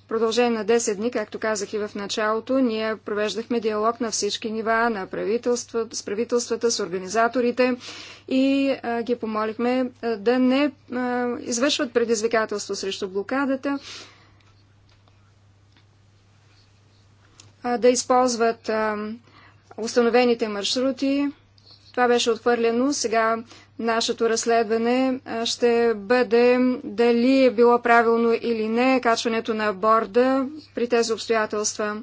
продължение на 10 дни, както казах и в началото, ние провеждахме диалог на всички нива, на правителство, с правителствата, с организаторите и а, ги помолихме да не а, извършват предизвикателство срещу блокадата, а, да използват а, установените маршрути. Това беше отхвърлено. Сега нашето разследване ще бъде дали е било правилно или не качването на борда при тези обстоятелства.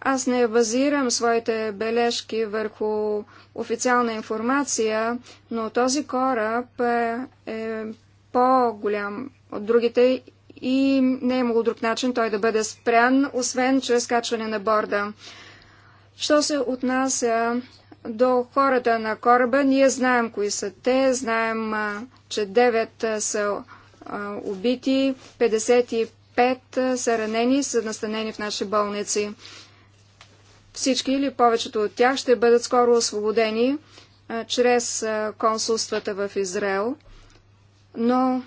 Аз не базирам своите бележки върху официална информация, но този кораб е, по-голям от другите и не е имало друг начин той да бъде спрян, освен чрез качване на борда. Що се отнася до хората на кораба, ние знаем кои са те, знаем, че 9 са убити, 55 са ранени и са настанени в наши болници. Всички или повечето от тях ще бъдат скоро освободени чрез консулствата в Израел, но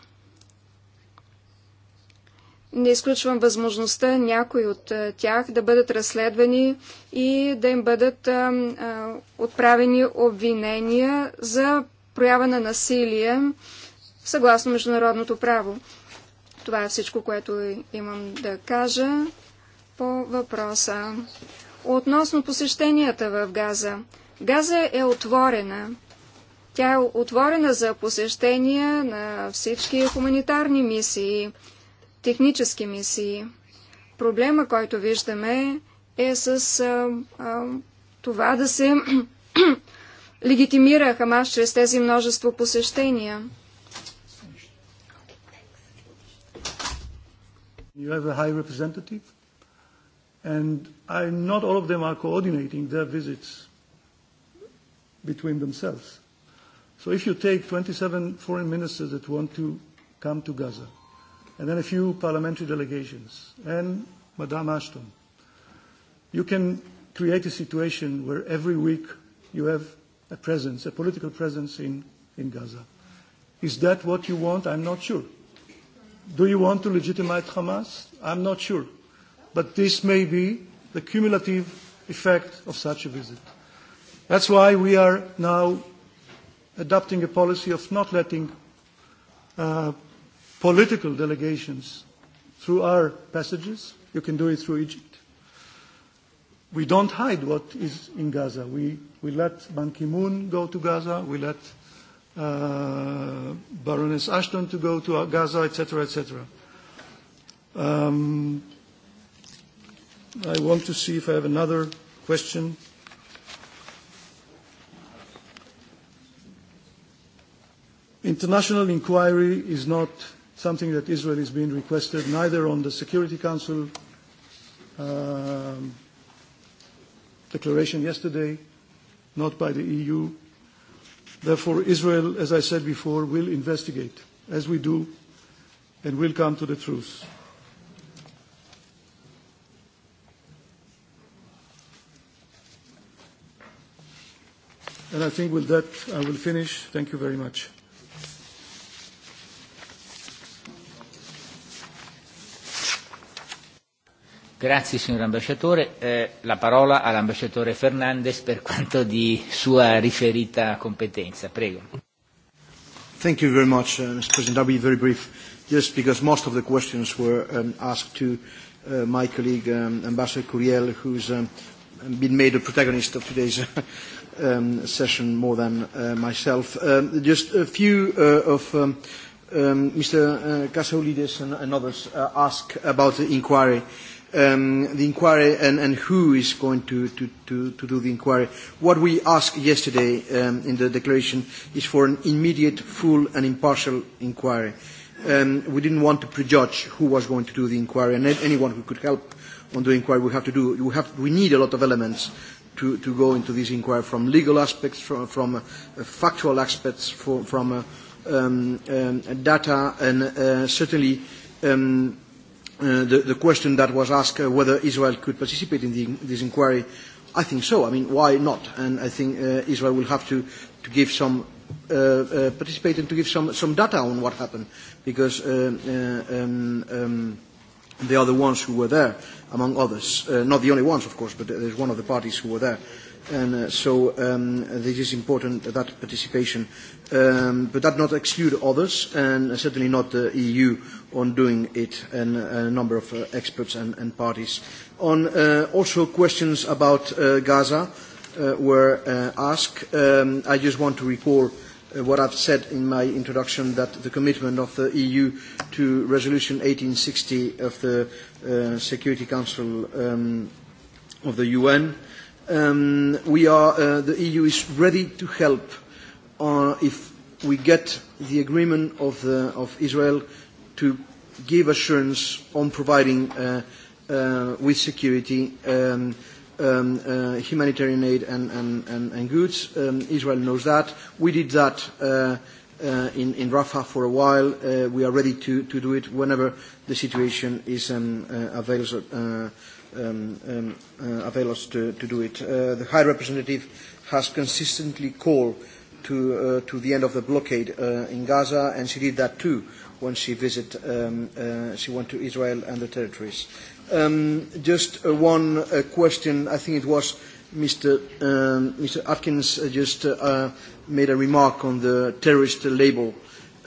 не изключвам възможността някои от е, тях да бъдат разследвани и да им бъдат е, е, отправени обвинения за проява на насилие съгласно международното право. Това е всичко, което имам да кажа по въпроса. Относно посещенията в Газа. Газа е отворена. Тя е отворена за посещения на всички хуманитарни мисии технически мисии. Проблема, който виждаме, е с а, а, това да се легитимира Хамас чрез тези множество посещения. You have a high representative, and I, not all of them are coordinating their visits between themselves. So if you take 27 foreign ministers that want to come to Gaza, and then a few parliamentary delegations, and Madame Ashton. You can create a situation where every week you have a presence, a political presence in, in Gaza. Is that what you want? I'm not sure. Do you want to legitimize Hamas? I'm not sure. But this may be the cumulative effect of such a visit. That's why we are now adopting a policy of not letting uh, political delegations through our passages. You can do it through Egypt. We don't hide what is in Gaza. We, we let Ban Ki-moon go to Gaza. We let uh, Baroness Ashton to go to Gaza, etc., etc. Um, I want to see if I have another question. International inquiry is not something that Israel is being requested neither on the Security Council um, declaration yesterday, not by the EU. Therefore, Israel, as I said before, will investigate, as we do, and will come to the truth. And I think with that, I will finish. Thank you very much. Grazie signor ambasciatore. Eh, la parola all'ambasciatore Fernandez per quanto di sua riferita competenza. Prego. Thank you very much, uh, Mr. President. I'll be very brief, just because most of the questions were um, asked to uh, my colleague, um, Ambassador Curiel, who's um, been made a protagonist of today's um, session more than uh, myself. Um, just a few uh, of um, um, Mr. Kasoulidis and, and others uh, ask about the inquiry. Uh, um, the inquiry and, and who is going to, to, to, to do the inquiry. What we asked yesterday um, in the declaration is for an immediate, full and impartial inquiry. Um, we didn't want to prejudge who was going to do the inquiry and anyone who could help on the inquiry we have to do. We, have, we need a lot of elements to, to go into this inquiry from legal aspects, from, from uh, factual aspects, from, from uh, um, um, data and uh, certainly um, the, the question that was asked uh, whether Israel could participate in the, this inquiry, I think so. I mean, why not? And I think uh, Israel will have to, to give some uh, uh, participate and to give some, some data on what happened, because uh, uh, um, um, they are the ones who were there, among others. Uh, not the only ones, of course, but there's one of the parties who were there. Uh, and so um, this is important that participation, um, but that not exclude others, and certainly not the EU on doing it, and a number of uh, experts and, and parties. On uh, also questions about uh, Gaza uh, were uh, asked. Um, I just want to recall uh, what I've said in my introduction that the commitment of the EU to Resolution 1860 of the uh, Security Council um, of the UN um, we are, uh, the EU is ready to help uh, if we get the agreement of, the, of Israel to give assurance on providing uh, uh, with security um, um, uh, humanitarian aid and, and, and, and goods. Um, Israel knows that. We did that uh, uh, in, in Rafah for a while. Uh, we are ready to, to do it whenever the situation is um, uh, available. Uh, um, um, uh, avail us to, to do it. Uh, the High Representative has consistently called to, uh, to the end of the blockade uh, in Gaza, and she did that too when she visited, um, uh, she went to Israel and the territories. Um, just uh, one uh, question, I think it was Mr. Um, Mr. Atkins just uh, made a remark on the terrorist label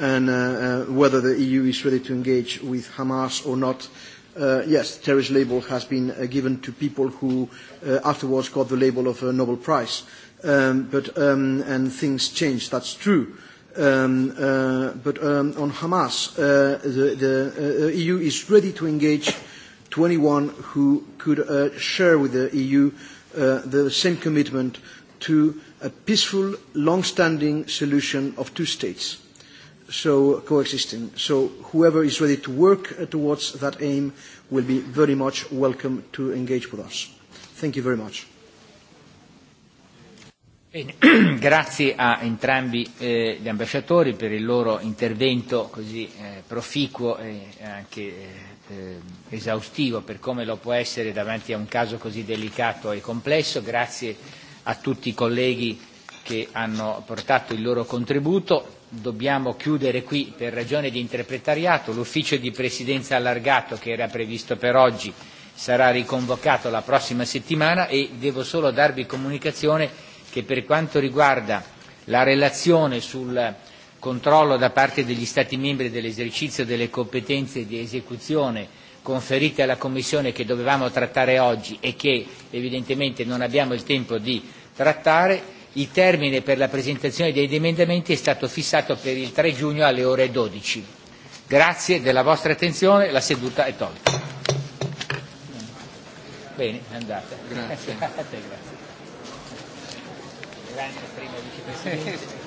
and uh, uh, whether the EU is ready to engage with Hamas or not. Uh, uh, yes, terrorist label has been uh, given to people who uh, afterwards got the label of a Nobel Prize. Um, but, um, and things changed, that's true. Um, uh, but um, on Hamas, uh, the, the uh, EU is ready to engage to anyone who could uh, share with the EU uh, the same commitment to a peaceful, long-standing solution of two states so coexisting. So whoever is ready to work towards that aim will be very much welcome to engage with us. Thank you very much. Grazie a entrambi eh, gli ambasciatori per il loro intervento così eh, proficuo e anche eh, esaustivo per come lo può essere davanti a un caso così delicato e complesso. Grazie a tutti i colleghi che hanno portato il loro contributo dobbiamo chiudere qui per ragione di interpretariato. L'ufficio di presidenza allargato che era previsto per oggi sarà riconvocato la prossima settimana e devo solo darvi comunicazione che per quanto riguarda la relazione sul controllo da parte degli Stati membri dell'esercizio delle competenze di esecuzione conferite alla Commissione che dovevamo trattare oggi e che evidentemente non abbiamo il tempo di trattare, Il termine per la presentazione degli emendamenti è stato fissato per il 3 giugno alle ore 12. Grazie della vostra attenzione, la seduta è tolta. Bene, andata. Grazie. Grazie. Grande primo vicepresidente.